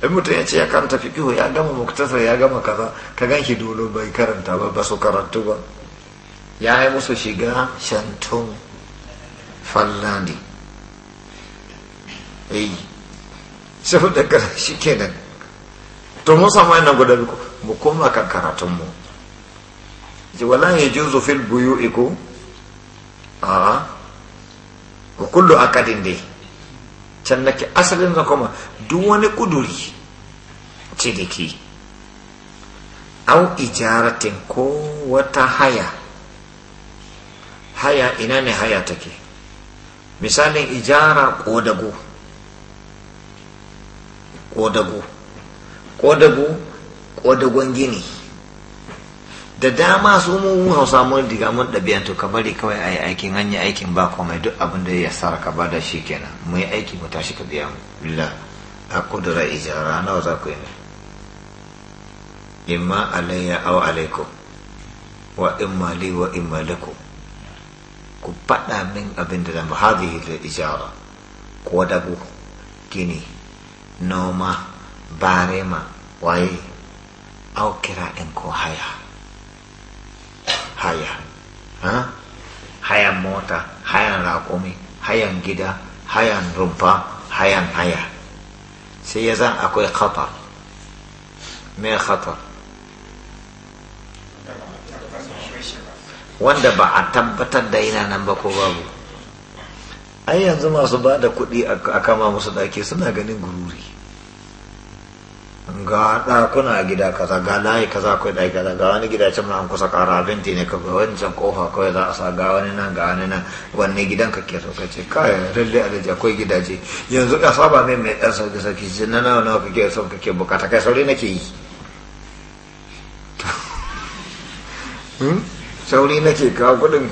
in mutum ya ce ya karanta fikihu ya gama muktasar ya gama kaza ka gan shi dolo bai karanta ba ba su karantu ba ya yi musu shiga shantun fallani eh da kana shi kenan to mun samu wannan guda biyu mu koma kan karatunmu ji wala zufin buyu iko a kullu akadin dai can nake asalin na kuma duk wani kuduri ke au ijaratin ko wata haya haya ina ne haya take misalin ijara kodago kodago kodago kodagon gini da dama su mu hausa mun riga mun ɗabi'antu ka bari kawai a yi aikin hanyar aikin ba komai duk abin da ya sara ka bada shi kenan mu yi aiki mu tashi ka biya mu la a kudura ijara nawa za ku yi ne imma alayya aw alaiku wa imma li wa imma laku ku faɗa min abin da zama hadhihi da ijara ko dabu gini noma barema waye kira in ko haya haya ha hayan mota hayan raƙumi hayan gida hayan rumfa hayan haya sai ya zan akwai khatar me khatar wanda ba a tabbatar da yana nan ba ko babu ai yanzu masu ba da kuɗi a kama musu ɗaki suna ganin gururi ga ɗakuna gida kaza ga layi kaza akwai ɗaki kaza ga wani gida can an kusa ƙara binti ne ka wancan kofa kawai za a sa ga wani nan ga wani nan wanne gidan ka ke so ka ce kai a daji akwai gidaje yanzu ka saba mai mai ɗan sauki sauki sai na nawa nawa kake son kake bukata kai sauri nake yi hmm? sauri nake ka gudun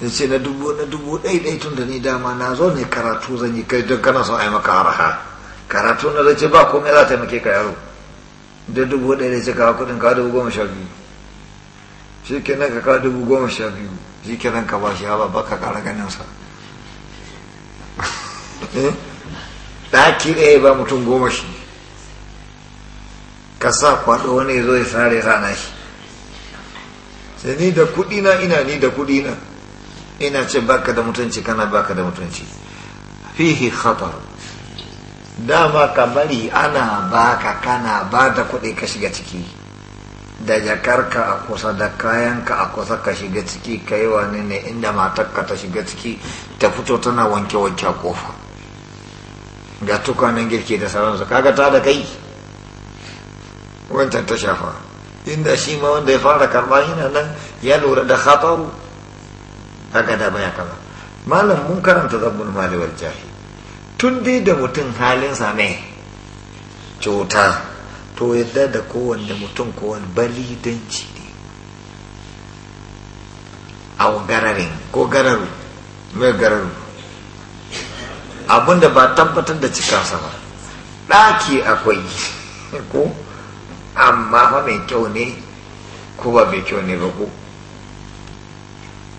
in ce na dubu na dubu ɗai ɗai tun da ni dama na zo ne karatu zan yi kai don kana son ai maka araha karatu na zai ce ba komai za ta muke ka yaro da dubu ɗaya da ce kawo ka dubu goma sha biyu shi kenan ka kawo dubu goma sha biyu shi kenan ka ba shi haba ba ka kara ganin sa eh? ɗaki ɗaya ba mutum goma shi ka sa kwaɗo wani zo ya sare rana shi sai ni da kuɗi na ina ni da kuɗi na ina ce baka da mutunci kana baka da mutunci fihi khatar dama ka bari ana baka kana ba da kuɗi ka shiga ciki da jakarka a kusa da kayan ka a kusa ka shiga ciki ka yi wani ne inda matarka ta shiga ciki ta fito tana wanke-wanke kofa ga tukwanin girki da sauransu kaga ta da kai wancan ta shafa inda shi ma wanda ya fara karba yana nan ya lura da khataru kaga da baya kama malam mun karanta zabbul mali wal tun dai da mutum halinsa mai cuta to yadda da kowanne mutum kowanne ci ne a gararin ko gararu mai gararu abinda ba tabbatar da cikansa ba ɗaki akwai ko amma fa mai kyau ne ko ba mai kyau ne ba ko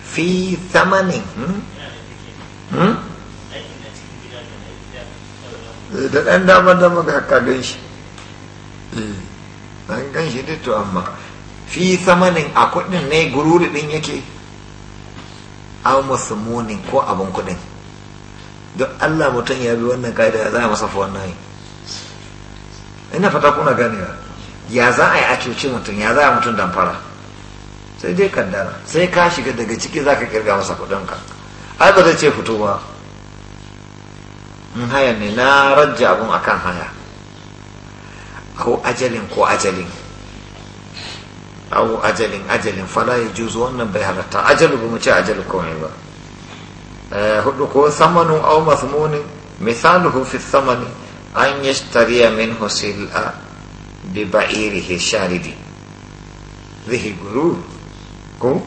fi zamanin hmm? hmm? da ɗan damar da maka haka gan shi eh, an gan shi dito amma fi samanin a kuɗin ne gururi ɗin yake an musu munin ko abin kuɗin don allah mutum ya bi wannan ka'ida ya za a masa fuwan nayi ina fata kuna ganewa ya za a yi a mutum ya za a mutum damfara sai dai kaddara sai ka shiga daga ciki za ka kirga masa kuɗinka ai ba zai ce fito ba in haya ne na rajja abun akan haya ko ajalin ko ajalin abu ajalin ajalin fala ya juzu wannan bai halatta ajalu ba mu ce ajalu kawai ba eh, hudu ko samanin au masmunin misaluhu fi samani an ya min a bi ba'irihi sharidi zai guru ko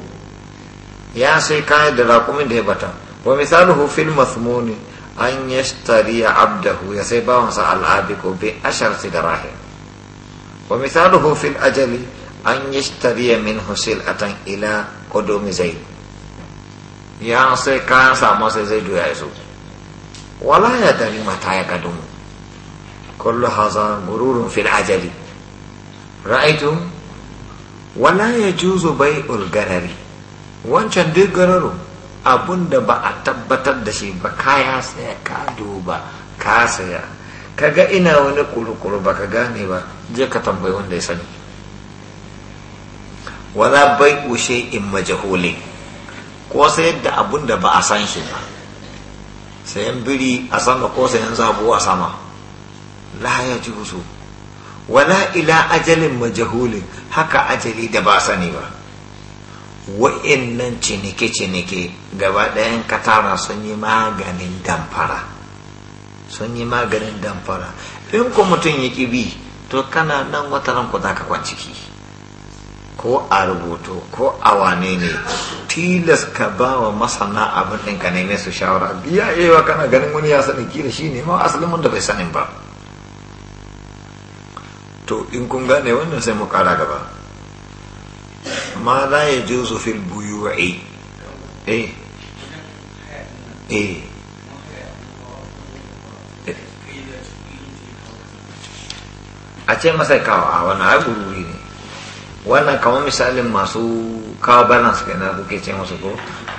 ya sai kayan da rakumin da ya bata wa misaluhu fil masmuni أن يشتري عبده يسيبه مساء العابق بأشر دراهم ومثاله في الأجل أن يشتري منه سلعة إلى قدوم زيد يا كان ساموس زيد يا ولا يدري متى يقدم كل هذا مرور في الأجل رأيتم ولا يجوز بيع الجرر وانشان دي جررو. abun da ba a tabbatar da shi ba kaya saya ka duba ka saya kaga ina wani kurukuru ba ka gane ba je ka tambayi wanda ya sani wala bai ushe in majahuli ko sayar da abun da ba a san shi ba sayan biri a sama ko sayan zabo a sama la ya ji wala ila ajalin majahulin haka ajali da ba sani ba nan cinike-cinike gaba ɗayan katara sun yi maganin damfara sun yi maganin damfara in ku mutum ya bi to kana nan wata ranku za ka kwanciki ko a rubutu ko a wane ne tilas ka ba wa masana abin ɗin ka neme su shawara biya ewa kana ganin wani ya sani da shi ne ma asalin da bai sanin ba to in kun gane wannan sai mu kara gaba ما لا يجوز في البيوع ايه ايه a ce masa kawo a ah, wani agururi ne wannan kamar misalin masu kawo balance kai na kuke ce masu ko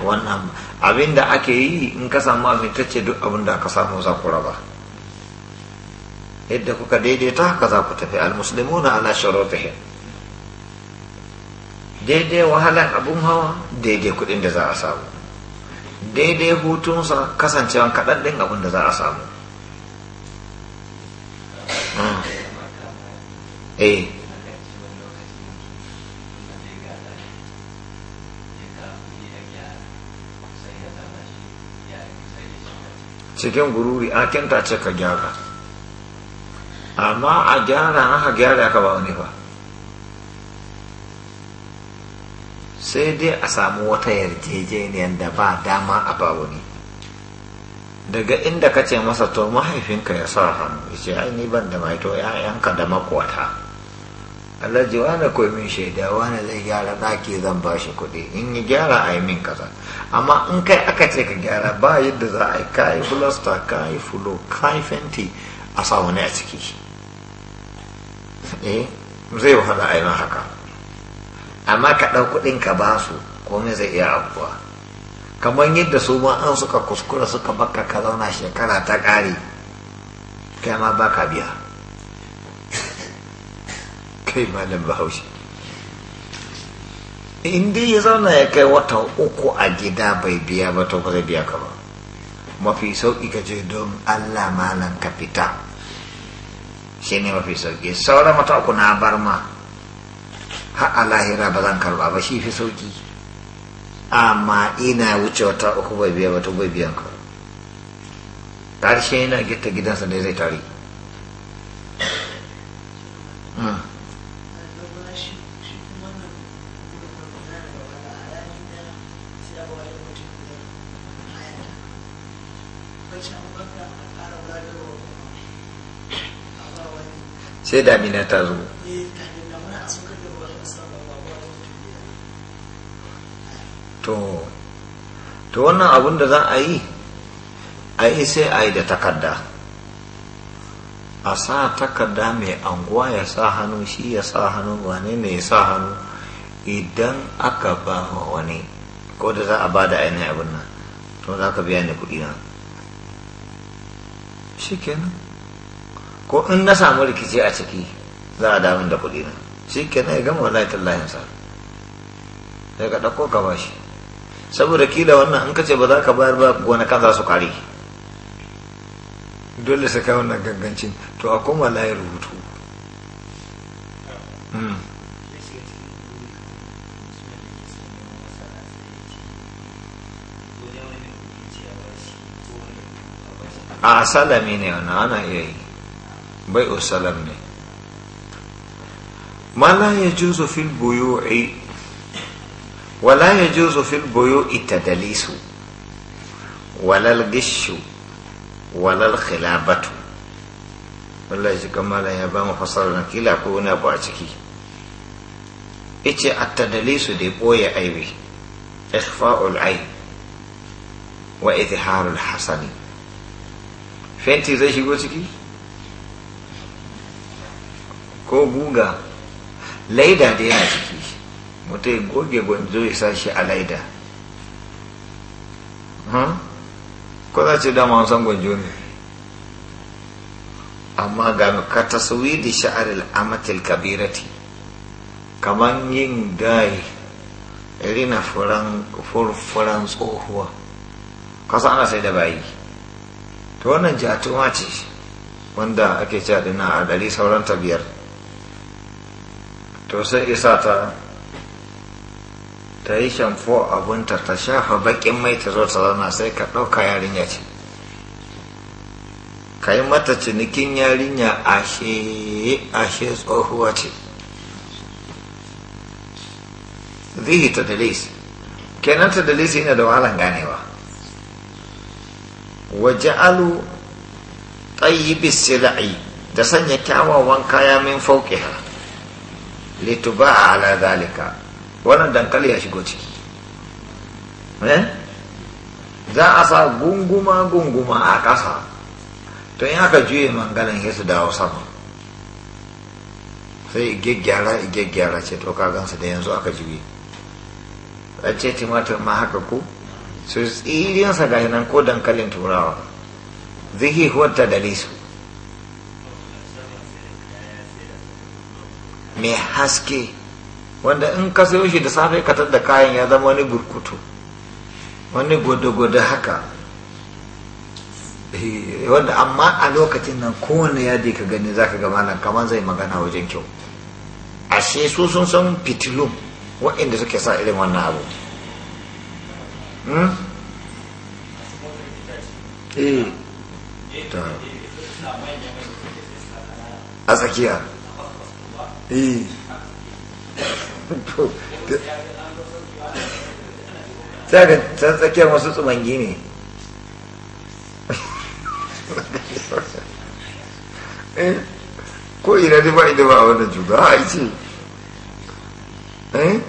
wannan abin da ake yi in ka samu amintacce duk abin da aka samu za ku raba yadda kuka daidaita ka za ku tafi al-muslimuna ala sharutihim daidai wahalar abun hawa daidai kudin da za a samu daidai hutunsa kasancewan kaɗaɗɗin abun da za a samu ah. eh. cikin gururi a kinta ce ka gyara amma a gyara ka gyara ka ba wani ba sai dai a samu wata yarjejeniyar da ba dama a ba wani daga inda ka ce masa to mahaifinka ya sa hannu ya ce ai ni ban da mai to da makwata alhaji wani ko min shaida wani zai gyara daki zan ba shi kuɗi in yi gyara a yi min kaza amma in kai aka ce ka gyara ba yadda za a yi ka yi fulasta ka yi fulo ka yi fenti a sa wani a ciki eh zai wahala a yi haka amma ka ɗau kuɗin ka ba su komai zai iya abuwa kamar yadda su ma an suka kuskura suka baka ka zauna shekara ta ƙare kai ma ba ka biya kai malam bahaushe in dai ya zauna ya kai wata uku a gida bai biya ba to ba zai biya ka ba mafi sauƙi ka je don allah malam ka fita shi ne mafi sauƙi sauran mata uku na bar ma har a lahira ba zan karba ba shi fi sauki amma ina wuce wata uku bai biya wata bai biyan ka ƙarshen yana gita gidansa ne zai tare hmm. sai damina ta zo to to wannan abun da za a yi a yi sai a yi da takarda a sa takarda mai anguwa ya sa hannu shi ya sa hannu wane ne ya sa hannu idan aka ba wa wani ko da za a ba da ainihin abin nan to za ka biya ni kuɗi na shi kenan ko in na samu rikici a ciki za a damin da kuɗi na shi kenan ya gama wallahi tallahin sa sai ka ɗauko ka ba shi saboda kila wannan an ka ce ba za ka bayar ba gonakan za su kare dole su kai wannan gangancin to a koma layin rubutu hmm. a salami ne wannan ana iya yi bai o salam ne ma la ya juzo fil buyu'i ولا يجوز في البيوء التدليس ولا الغش ولا الخلابة والله يجيك مالا يا بام فصلنا كلا كونا بوعتكي إيش التدليس دي بويا أيوي إخفاء العين وإظهار الحسن fenti zai shigo ciki ko guga laida da yana mutum goge gwanjo ya sashi a laida ko za ce dama san gwanjo ne amma ga ka taswi da sha'aril amatil kabirati kaman yin gayi rina furfuran tsohuwa kasa ana sai da bayi to wannan a ce wanda ake cewa dina a ɗari sauran ta biyar to sai isa ta ta yi shamfo abinta ta shafa bakin mai ta zo ta zauna sai ka ɗauka yarinya ce ka yi mata cinikin yarinya ashe tsohuwa ce zihi ta dalis kenan ta dalis yana da wahalan ganewa waje alu tsayi sila'i da sanya kyawawan kaya min fauƙiha lituba ala zalika wannan dankali ya shigo ciki eh? za a sa gunguma-gunguma a ƙasa to in aka juye mangalin ya su dawo sama sai gyaggyara gyaggyara ce to kagansu da yanzu aka juye a ce timatir ma haka ko su tsirinsa ga nan ko dankalin turawa zai huwata da lisu mai haske wanda in ka sayo shi da safe ka da kayan ya zama wani burkutu wani gwada-gwada haka eh, wanda amma a lokacin nan kowane yadi ka gani zaka ga nan kamar zai magana wajen kyau ashe su sun san fitilu waɗanda suke sa irin wannan abu hmm? eh. a tsakiya eh. to sai ga can tsakiyar wasu tsumangi ne ko ina da ba ina ba a wannan juga a ce eh?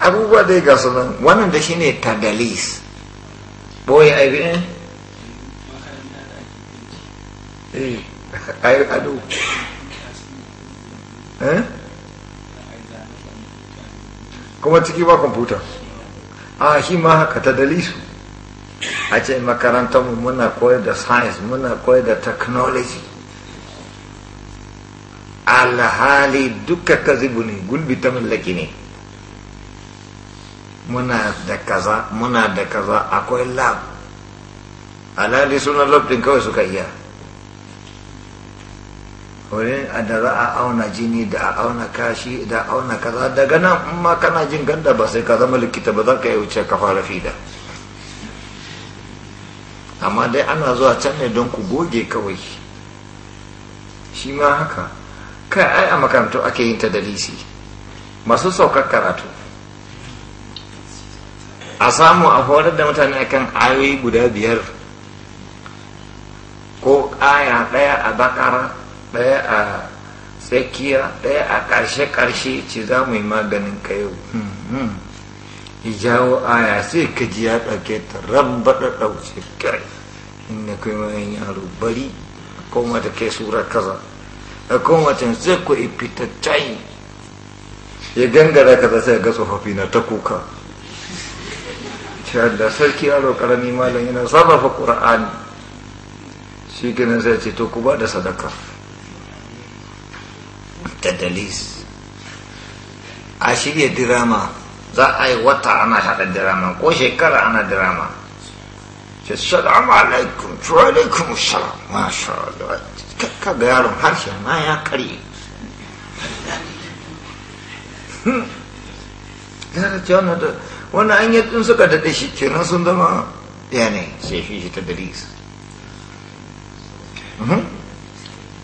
abubuwa dai ga sunan wannan da shi ne tagalis boye aibi eh, eh ado eh kuma ciki ba kwamfuta a shi ma haka ta dalisu a ce makarantarmu muna koyar da science muna koyar da technology alhali duka kazibu ne gulbi ta mallaki ne muna da kaza muna da kaza akwai lab alhali suna lab din kawai suka iya wurin da za a auna jini da a auna kashi da a auna kaza daga nan in kana jin ganda ba sai ka zama likita ba za ka yi wuce ka fara fida amma dai ana zuwa can ne don ku goge kawai shi ma haka kai ai a makarantu ake yin ta dalisi masu saukar karatu a samu a horar da mutane kan ayoyi guda biyar ko aya ɗaya a bakara ɗaya a tsakiya ɗaya a ƙarshe karshe ce za mu yi maganin ka yau hmm, hmm. jawo aya sai ka ji ya ɗauke ta rabba da ɗauce kai inda kai mayan yaro bari a koma da kai sura kaza a koma ta sai ku ifita ya gangara kaza sai ga tsofaffi na ta kuka da sarki yaro karami malam yana sarrafa ƙura'ani shi ganin sai ce to ku ba da sadaka tadalis a shirya dirama za a yi wata ana haɗa dirama ko shekara ana dirama ce salamu alaikum wa alaikum salam masha Allah ka ga yaron harshe ma ya karye ta ce wani da wani an yi tun suka daɗe shi kenan sun zama ya ne sai shi ta dalis mhm.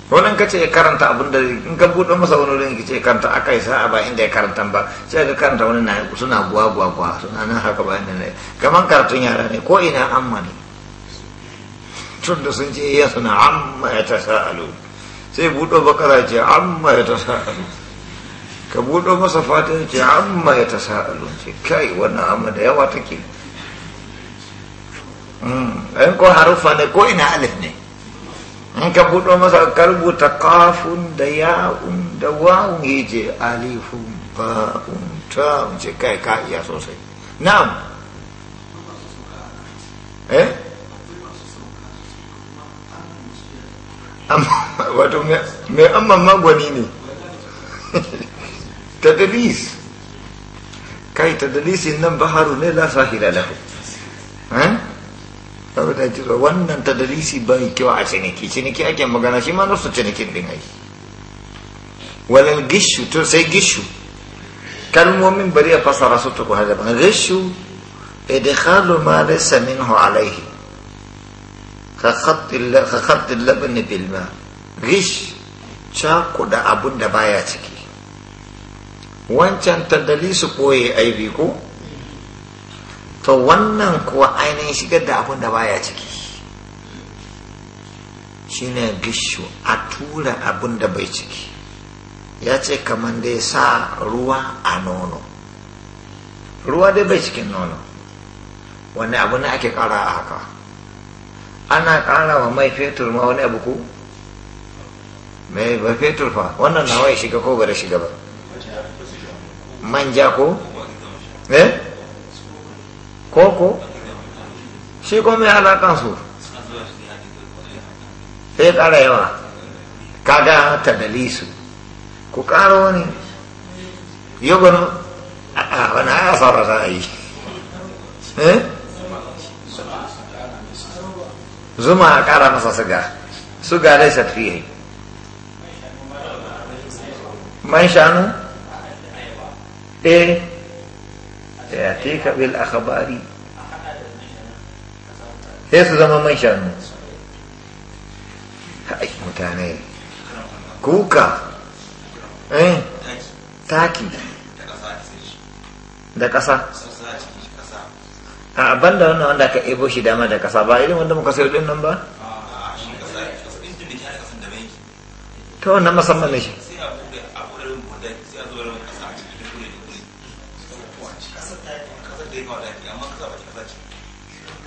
wani ka ce ya karanta abin da in ka buɗe masa wani wurin ka ce karanta aka yi sa'a ba inda ya karanta ba sai ka karanta wani na suna guwa guwa guwa suna nan haka ba inda ne kamar karatun yara ne ko ina amma ne tun da sun ce ya suna amma ya ta sa'alu sai buɗe kara ce amma ya ta sa'alu ka buɗe masa ya ce amma ya ta sa'alu ce kai wannan amma da yawa take hmm, in ko harufa ne ko ina alif ne in ka buɗo masa ka rubuta kafun da ya'un da ya ce alifun ba'un ta'un ce kai ka iya sosai na'am eh wato mai amma magwani ne Tadalis. kai tadalisin nan baharu ne la sahila lahu eh saboda ji wannan tadarisi ba kyau a ciniki ciniki ake magana shi ma nasu cinikin din ai walal gishu to sai gishu kalmomin bari ya fasara su ta kuhar daban gishu idkhalu ma laysa minhu alayhi ka khatt al bilma gish ma gish abun da baya ciki wancan tadalisu koye aibi ko to wannan kuwa ainihin shigar da abin da baya ciki shine gishu a tura abin da bai ciki ya ce kamar da ya sa ruwa a nono ruwa dai bai cikin nono wani abu ne ake kara a haka ana kara wa mai fetur ma wani abu ku mai ba fetur fa wannan nawa ya shiga ko ba da shiga ba manja ko eh koko shi ko mai alaƙan su sai kara yawa kaga ta dalisu ku ƙara wani yugunu a wani haya sauran za a yi eh? zuma a kara masa suga suga dai safiye man shanu eh يأتيك بالأخبار sai su zama man shanu ai mutane kuka eh taki da ƙasa a abin da wannan wanda aka ebo shi dama da ƙasa ba irin wanda muka sayo din nan ba ta wannan musamman ne shi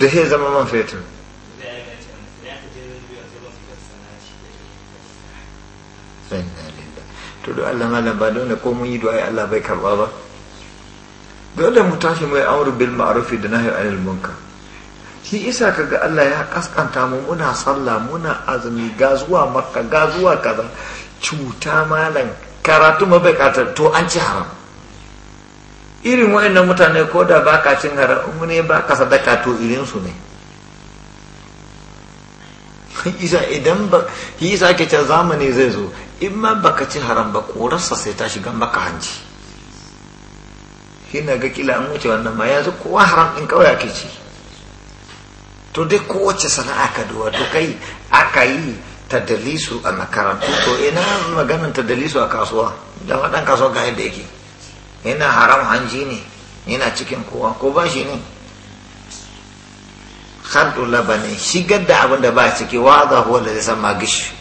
da sai zama man fetur to da Allah malam ba dole ko mun yi du'a Allah bai karba ba dole mu tashi mai amru bil ma'ruf da na anil munkar shi isa kaga Allah ya kaskanta mu muna sallah muna azumi ga zuwa makka ga zuwa kaza cuta malam karatu mabakatar to an ci haram irin wa'annan mutane ko da ba ka cin haram ne ba ka sadaka to su ne isa idan ba isa ke can zamani zai zo in ma baka ci haram ba korarsa sai ta shiga maka hanci na ga kila an wuce wannan ma yanzu kowa haram in kawai ake ci to dai kowace sana'a ka duwa to kai aka yi dalisu a makarantu to ina maganin tadalisu a kasuwa da waɗan kasuwa ga yadda yake yana haram hanji ne yana cikin kowa ko ba shi ne khardu labanin shigar da abin da ba ciki wa za huwa da san magish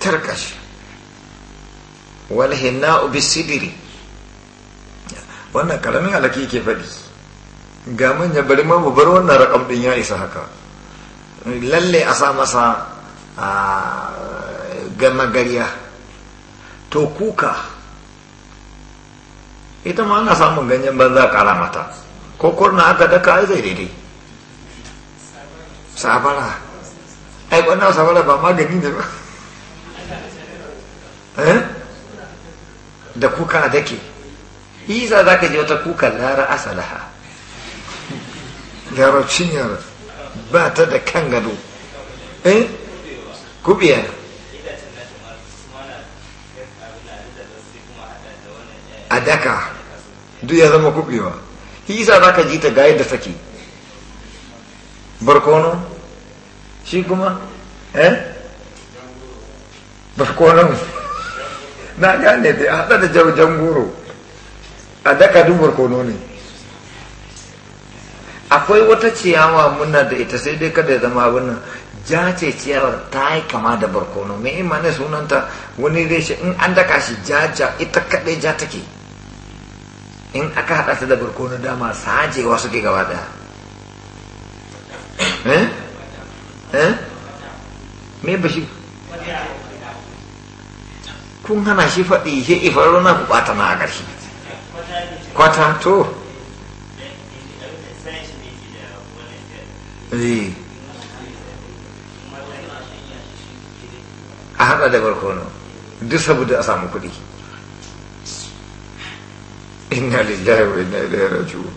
tarkash wal ubi sidiri. wannan karamin alaki ke faɗi ga manya bari ma mu bar wannan rakam din ya isa haka lalle a sa masa gama gariya to kuka ita ma ana samun ganyen banza kara mata ko kurna aka daka ai zai daidai sabara eh, ai kwanna sabara ba magani ne eh? ba da kuka dake isa za ka je wata kuka lara asalaha larabcin cinyar ba ta da kan gado eh kubiya a daka duk ya zama kubewa hisa za ka ji ta ga da sake barkono shi kuma eh barkono na gane da hada da jan goro a daka duk barkono ne akwai wata ciyawa muna da ita sai dai kada ya zama abin ja ce ciyawar ta yi kama da barkono mai imanin sunanta wani zai shi in an daka shi ja ja ita kaɗai ja take in aka haɗa su da barko na dama sajewa suke gaba daya eh eh me bashi kun hana shi faɗi shi ifaro na bukata na a ƙarshe kwata to a haɗa da barkono duk saboda a samu kuɗi inna lillahi wa inna ilaihi raji'un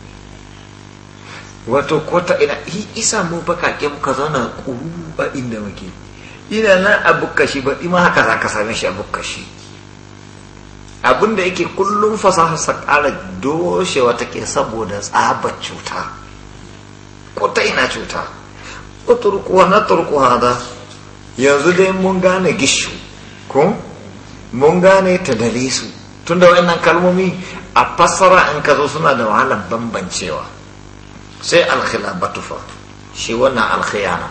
wato kota ina isa mu ke muka zauna kuru a inda muke ina nan a bukkashi ba ima haka za ka same shi a bukkashi abin da yake kullum fasaha sa ƙara doshewa take saboda tsabar cuta kota ina cuta uturkuwa na turkuwa da yanzu dai mun gane gishu ko mun gane ta dare su tunda wayannan kalmomi a fassara in ka zo suna da wahalar bambancewa sai alkhilabatu tufa shi wannan alkhiyana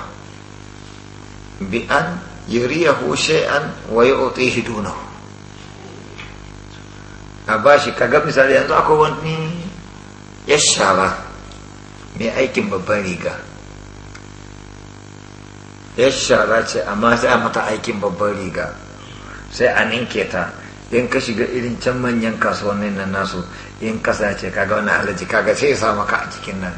bi an yuriyahu shay'an wa yu'tihi dunahu a bashi kaga misali yanzu akwai wani ya shara mai aikin babban riga ya shara ce amma sai a mata aikin babban riga sai a ninke ta in ka shiga irin can manyan kasuwannin nan nasu in kasa ce kaga wani halarci kaga sai ya sa maka a cikin nan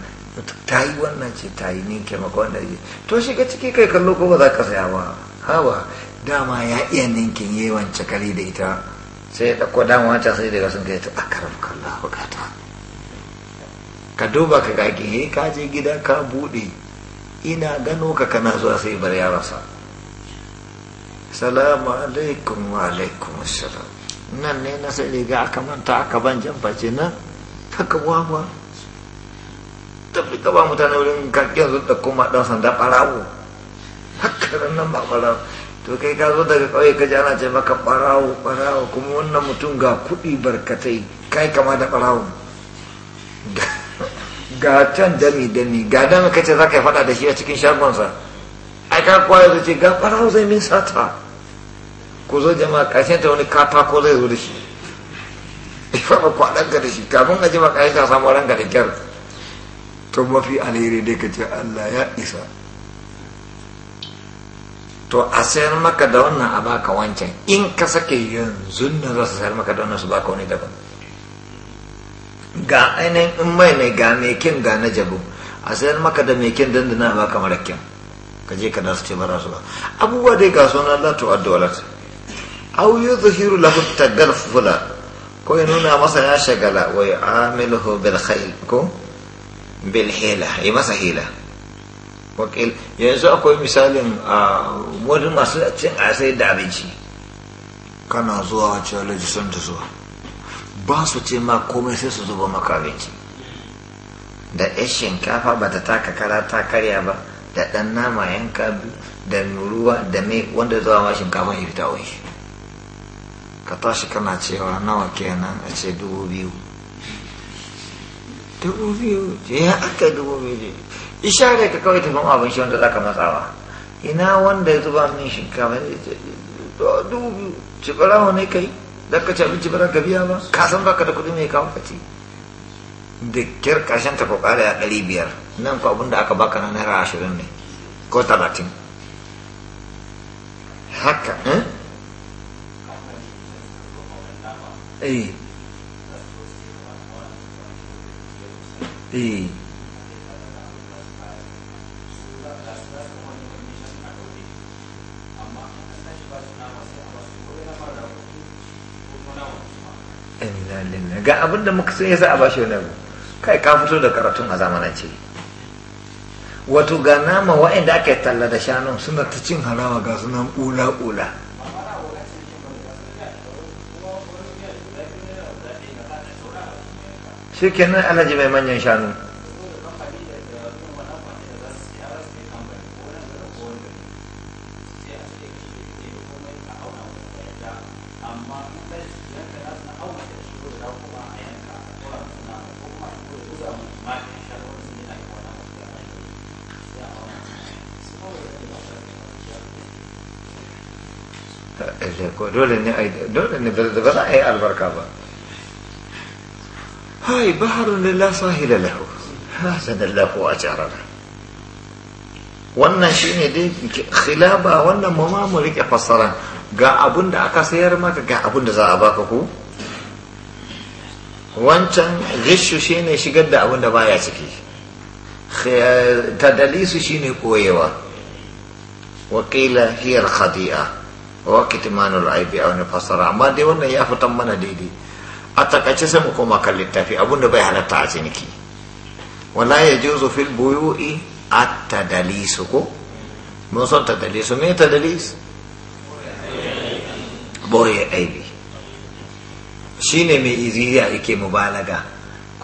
ta yi wannan ce ta yi ninke maka wanda ya to shiga ciki kai kallo ko ba za ka saya ba hawa dama ya iya ninkin yi wance kari da ita sai ya ɗauko dama wancan sai daga sun kai ta a karam kalla bukata ka duba ka gaki he ka je gida ka buɗe ina gano ka kana zuwa sai bar yaransa salamu alaikum wa alaikum assalam nan ne na sai riga aka manta aka ban jan face nan haka wawa tafi ka ba mutane wurin kakken su da kuma dan sanda barawo haka nan ba barawo to kai ka zo daga kauye ka ji ana ce maka barawo barawo kuma wannan mutum ga kuɗi barkatai kai kama da barawo ga can dami dami ga dami kace za ka yi fada da shi a cikin shagonsa ai ka kwaya ce ga barawo zai min sata ku zo jama'a karshen ta wani katako zai zo da shi ba ku ka da shi kafin a jima kayan ka samu ranka da kyar to mafi alheri dai ka ce Allah ya isa to a sayar maka da wannan a baka wancan in ka sake yanzu na za su sayar maka da wannan su baka wani daban ga ainihin in mai ne ga mai kin ga na jabu a sayar maka da mai kin dandana a baka mara kin ka je ka da su ce mara su ba abubuwa dai ga sunan latu addu'alata au zuhiru lahu tagalfula ko ya nuna masa ya shagala wa ya bil khail ko bil hila yi masa hila wakil yanzu akwai misalin a wani masu cin asai da abinci kana zuwa cewa lajisan ta zuwa ba su ce ma komai sai su zuba maka abinci da yan shinkafa ba ta taka kara ta karya ba da ɗan nama yanka da ruwa da mai wanda zuwa ma shinkafa ya fita wani ka tashi kana cewa nawa kenan a ce dubu biyu dubu biyu ya aka dubu biyu da ka kawai tafin abin shi wanda zaka matsawa ina wanda ya zuba min shinkafa ne dubu biyu ci barawa ne kai da ka ci abinci bara ka biya ba ka san baka da kudi mai kawo ka ci da kyar ƙarshen ta kokara ya ɗari biyar nan ko abin da aka baka na naira ashirin ne ko talatin haka eh Eh. Eh. ga abin da muka sai za a bashi wani abu kai ka fito da karatun a zamanance wato ga nama waɗanda ake talla da shanun suna ta cin harawa ga sunan ƙula-ƙula shi kenan alhaji mai manyan shanu eh, dole ne ba za a yi albarka ba هاي بحر لا ساحل له حسنا له أجرنا wannan shine dai khilaba wannan mu ma mu rike fassara ga abun da aka sayar maka ga abun da za a baka ku wancan gishu shine shigar da abunda da baya ciki tadalisu shine koyewa wakila hiyar khadi'a wa kitmanul aibi a wani fassara amma dai wannan ya fitan mana daidai a takaice sai mu koma kan littafi abinda bai halatta a ciniki wala ya juzu fil buyu'i a tadalisu ko mun san tadalisu me tadalis boye aibi Shi ne mai iziriya yake mubalaga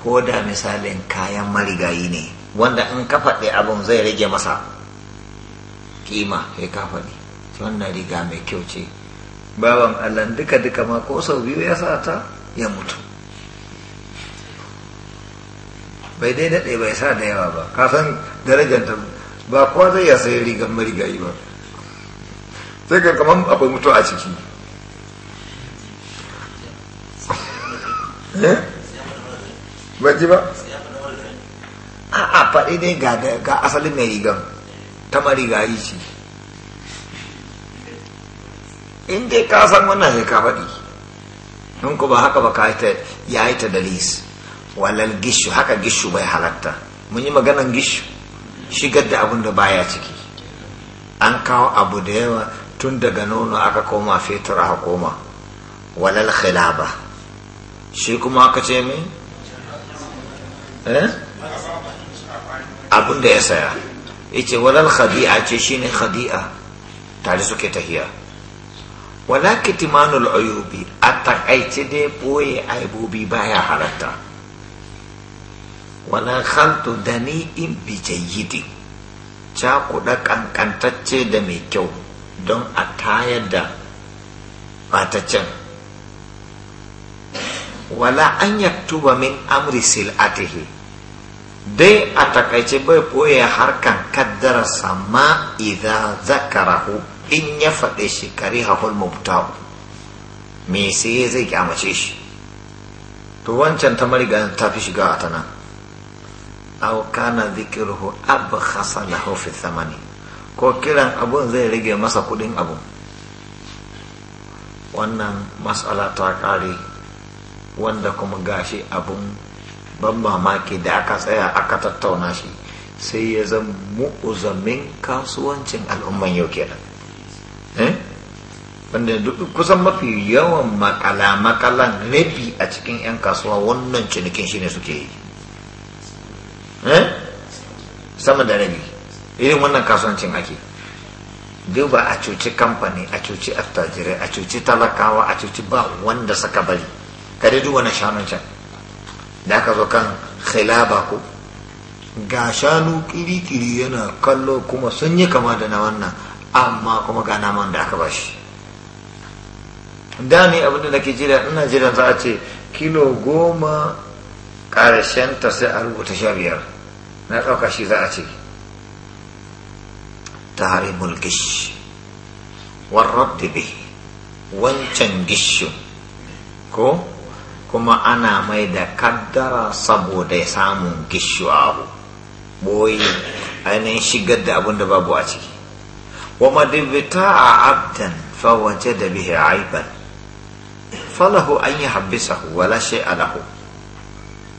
ko da misalin kayan marigayi ne wanda in ka faɗi abin zai rage masa kima ya ka faɗi wannan riga mai kyau ce baban allan duka duka ma ko sau biyu ya sa ta ya mutu bai dai daɗe bai sa da yawa ba kasan darajanta ba kowa zai ya sayi rigar marigayi ba sai ka kamar akwai mutu a ciki eh? ba ji ba a faɗi ne ga asali mai rigar ta marigayi ce in dai ka san wannan sai ka faɗi in ku ba haka ba ka ta ya yi ta dalis walal gishu haka gishu bai halatta mun yi maganan gishu shigar da abin da baya ciki an kawo abu da yawa tun daga nono aka koma fetur aka koma walal khilaba shi kuma aka ce mai eh? abin da ya saya ya ce walal khadi'a ce shine khadi'a tare suke tahiya wala kitimanul ayubi a takaice dai boye aibobi baya halatta wala khaltu in bi jayyidi cakuɗa kankantacce da mai kyau don a tayar da batacen, wala an yaktuba min amri sil'atihi dai a takaice bai boye harkan kaddararsa ma idza zakarahu in ya faɗe shi kari haful mubtahu me sai zai kyamace shi to wancan ta mariga ta fi shiga a tana aw kana dhikruhu abkhasa lahu fi thamani ko kiran abun zai rage masa kudin abu wannan mas'ala ta kare wanda kuma gashi abun ban mamaki da aka tsaya aka tattauna shi sai ya zama mu'uzamin kasuwancin al'umman yau kenan wanda eh? kusan mafi yawan makala makalan rabi a cikin 'yan kasuwa wannan cinikin shine suke yi eh? sama da rabi irin wannan kasuwancin ake duba a cuci kamfani a cuci attajirai a cuci talakawa a cuci ba wanda saka bari kare duk wani shanun can da aka zo kan khilaba ko ga shanu kiri-kiri yana kallo kuma sun yi kama da na wannan amma kuma ga naman da aka bashi da ni abin da nake jira ina jira za a ce kilo goma ƙarshen ta sai a rubuta sha biyar na ɗauka shi za a ce ta harimul gish warrab da wancan gishin ko kuma ana mai da kaddara saboda samun gishu a abu boye ainihin shigar da abin babu a ciki ومن ابتاع عبدا فوجد به عيبا فله أن يحبسه ولا شيء له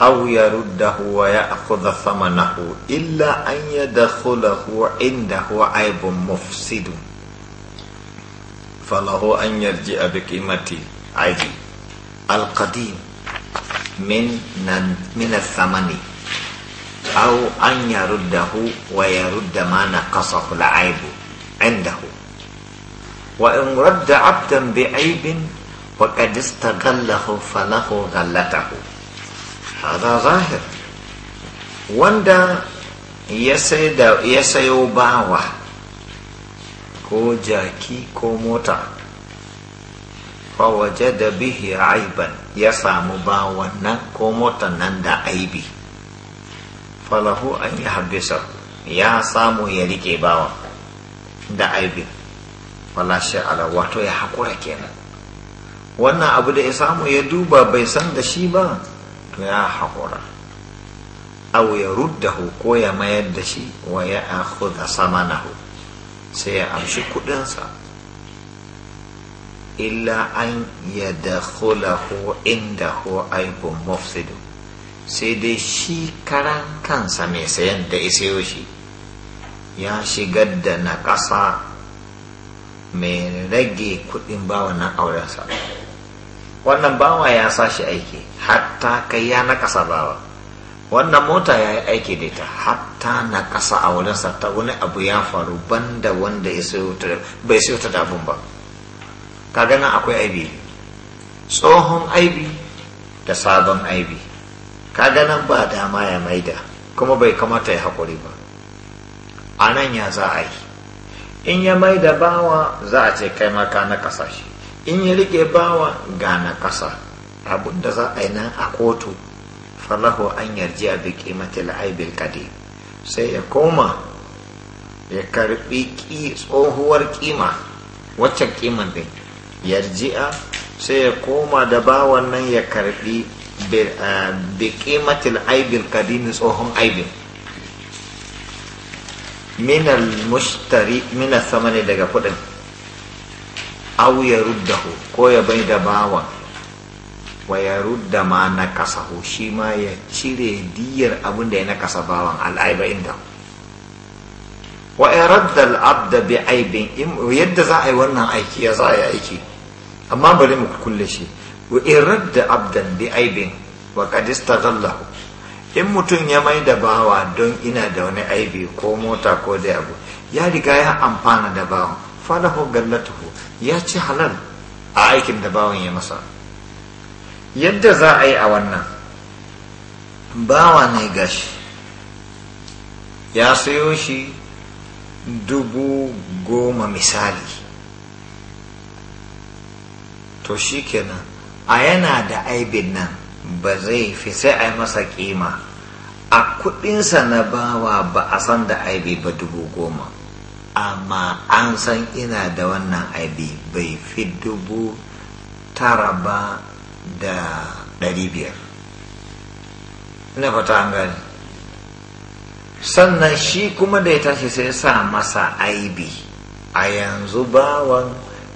أو يرده ويأخذ ثمنه إلا أن يدخله عنده عيب مفسد فله أن يرجع بقيمة عيب القديم من من الثمن أو أن يرده ويرد ما نقصه العيب عنده وإن رد عبدا بعيب وقد استغله فله غلته هذا ظاهر wanda ya sayo bawa ko jaki ko mota fawaje da bihi aiban ya samu bawan nan ko motan nan da aibi falahu an yi habisa ya samu ya rike da aibin wala sha'ala wato ya haƙura kenan wannan abu da ya samu ya duba bai san da shi ba to ya haƙura au ya ruddahu ko ya mayar da shi wa ya akhudha samanahu sai ya amshi kuɗinsa illa an ya dakhulahu indahu aibun mufsidun sai dai shi karan kansa mai sayan da isayo shi ya shigar da na ƙasa mai rage kuɗin bawa na aurensa wannan bawa ya sa shi aiki hatta kai ya na ƙasa bawa wannan mota ya yi aiki da ita hatta na ƙasa a ta wani abu ya faru banda wanda bai sai ta dabun ba Ka gana akwai aibi tsohon aibi da sabon aibi Ka gana ba dama ya maida kuma bai kamata ya haƙuri ba a nan ya za a yi in ya mai da bawa za a ce kai maka na kasa in ya rike bawa ga na kasa abin za a yi nan a kotu falahu an yarji a bi kimatil aibil kadi sai ya koma ya karbi tsohuwar kima waccan kiman din yarji'a sai ya koma da bawan nan ya karbi eh, bi kimatil aibil kadi tsohon aibin minal mina minal samani daga kuɗin au ya ruddahu ko ya bai da bawan wa ya rudda ma na kasahu shi ma ya cire diyar abin da ya na kasa bawan al'aiba inda wa ya radda al'abda bi aibin yadda za a yi wannan aiki ya za a yi aiki amma bari mu kulle shi wa in radda abdan bi aibin wa qad istaghallahu in mutum ya mai da bawa don ina da wani aibi ko mota ko da abu ya riga ya amfana da bawan falahu gallatuhu ya ci halal a aikin da bawan ya masa yadda za a yi a wannan bawa ne gashi ya sayo shi dubu goma misali to shi kenan a yana da aibin nan ba zai fi sai a yi masa kima a kudinsa na bawa ba a san da aibi ba dubu goma amma an san ina da wannan aibi bai fi dubu tara ba da ɗari biyar ina fata an gani sannan shi kuma da ya tashi sai sa masa aibi a yanzu bawan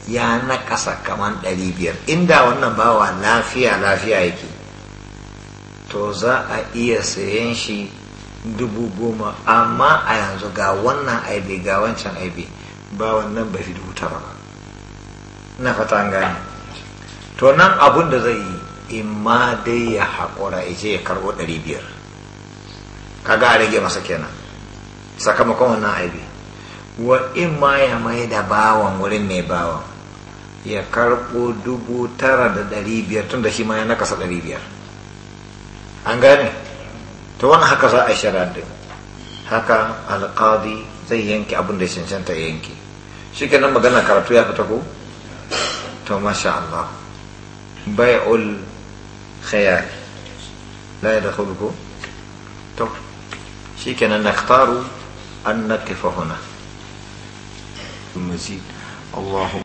ya naƙasa kamar ɗari biyar inda wannan bawa lafiya lafiya yake to za a iya sayen shi dubu goma amma a yanzu ga wannan aibi ga wancan aibi ba wannan ba fi dubu tara ba na fata an gane to nan abun da zai yi imma dai ya haƙura ya ce ya karɓo ɗari biyar kaga a rage masa kenan sakamakon wannan aibi wa in ma ya mai da bawan wurin mai bawan ya karɓo dubu tara da ɗari biyar tun da shi ma ya nakasa ɗari biyar an gane to wani haka za a yi shari'ar din haka alƙadi zai yanke abin da cancanta ya yanke shi kenan magana karatu ya fita ko to masha Allah bai'ul khayar la ya dakhulu ko to shi kenan naktaru an nakifa huna المزيد اللهم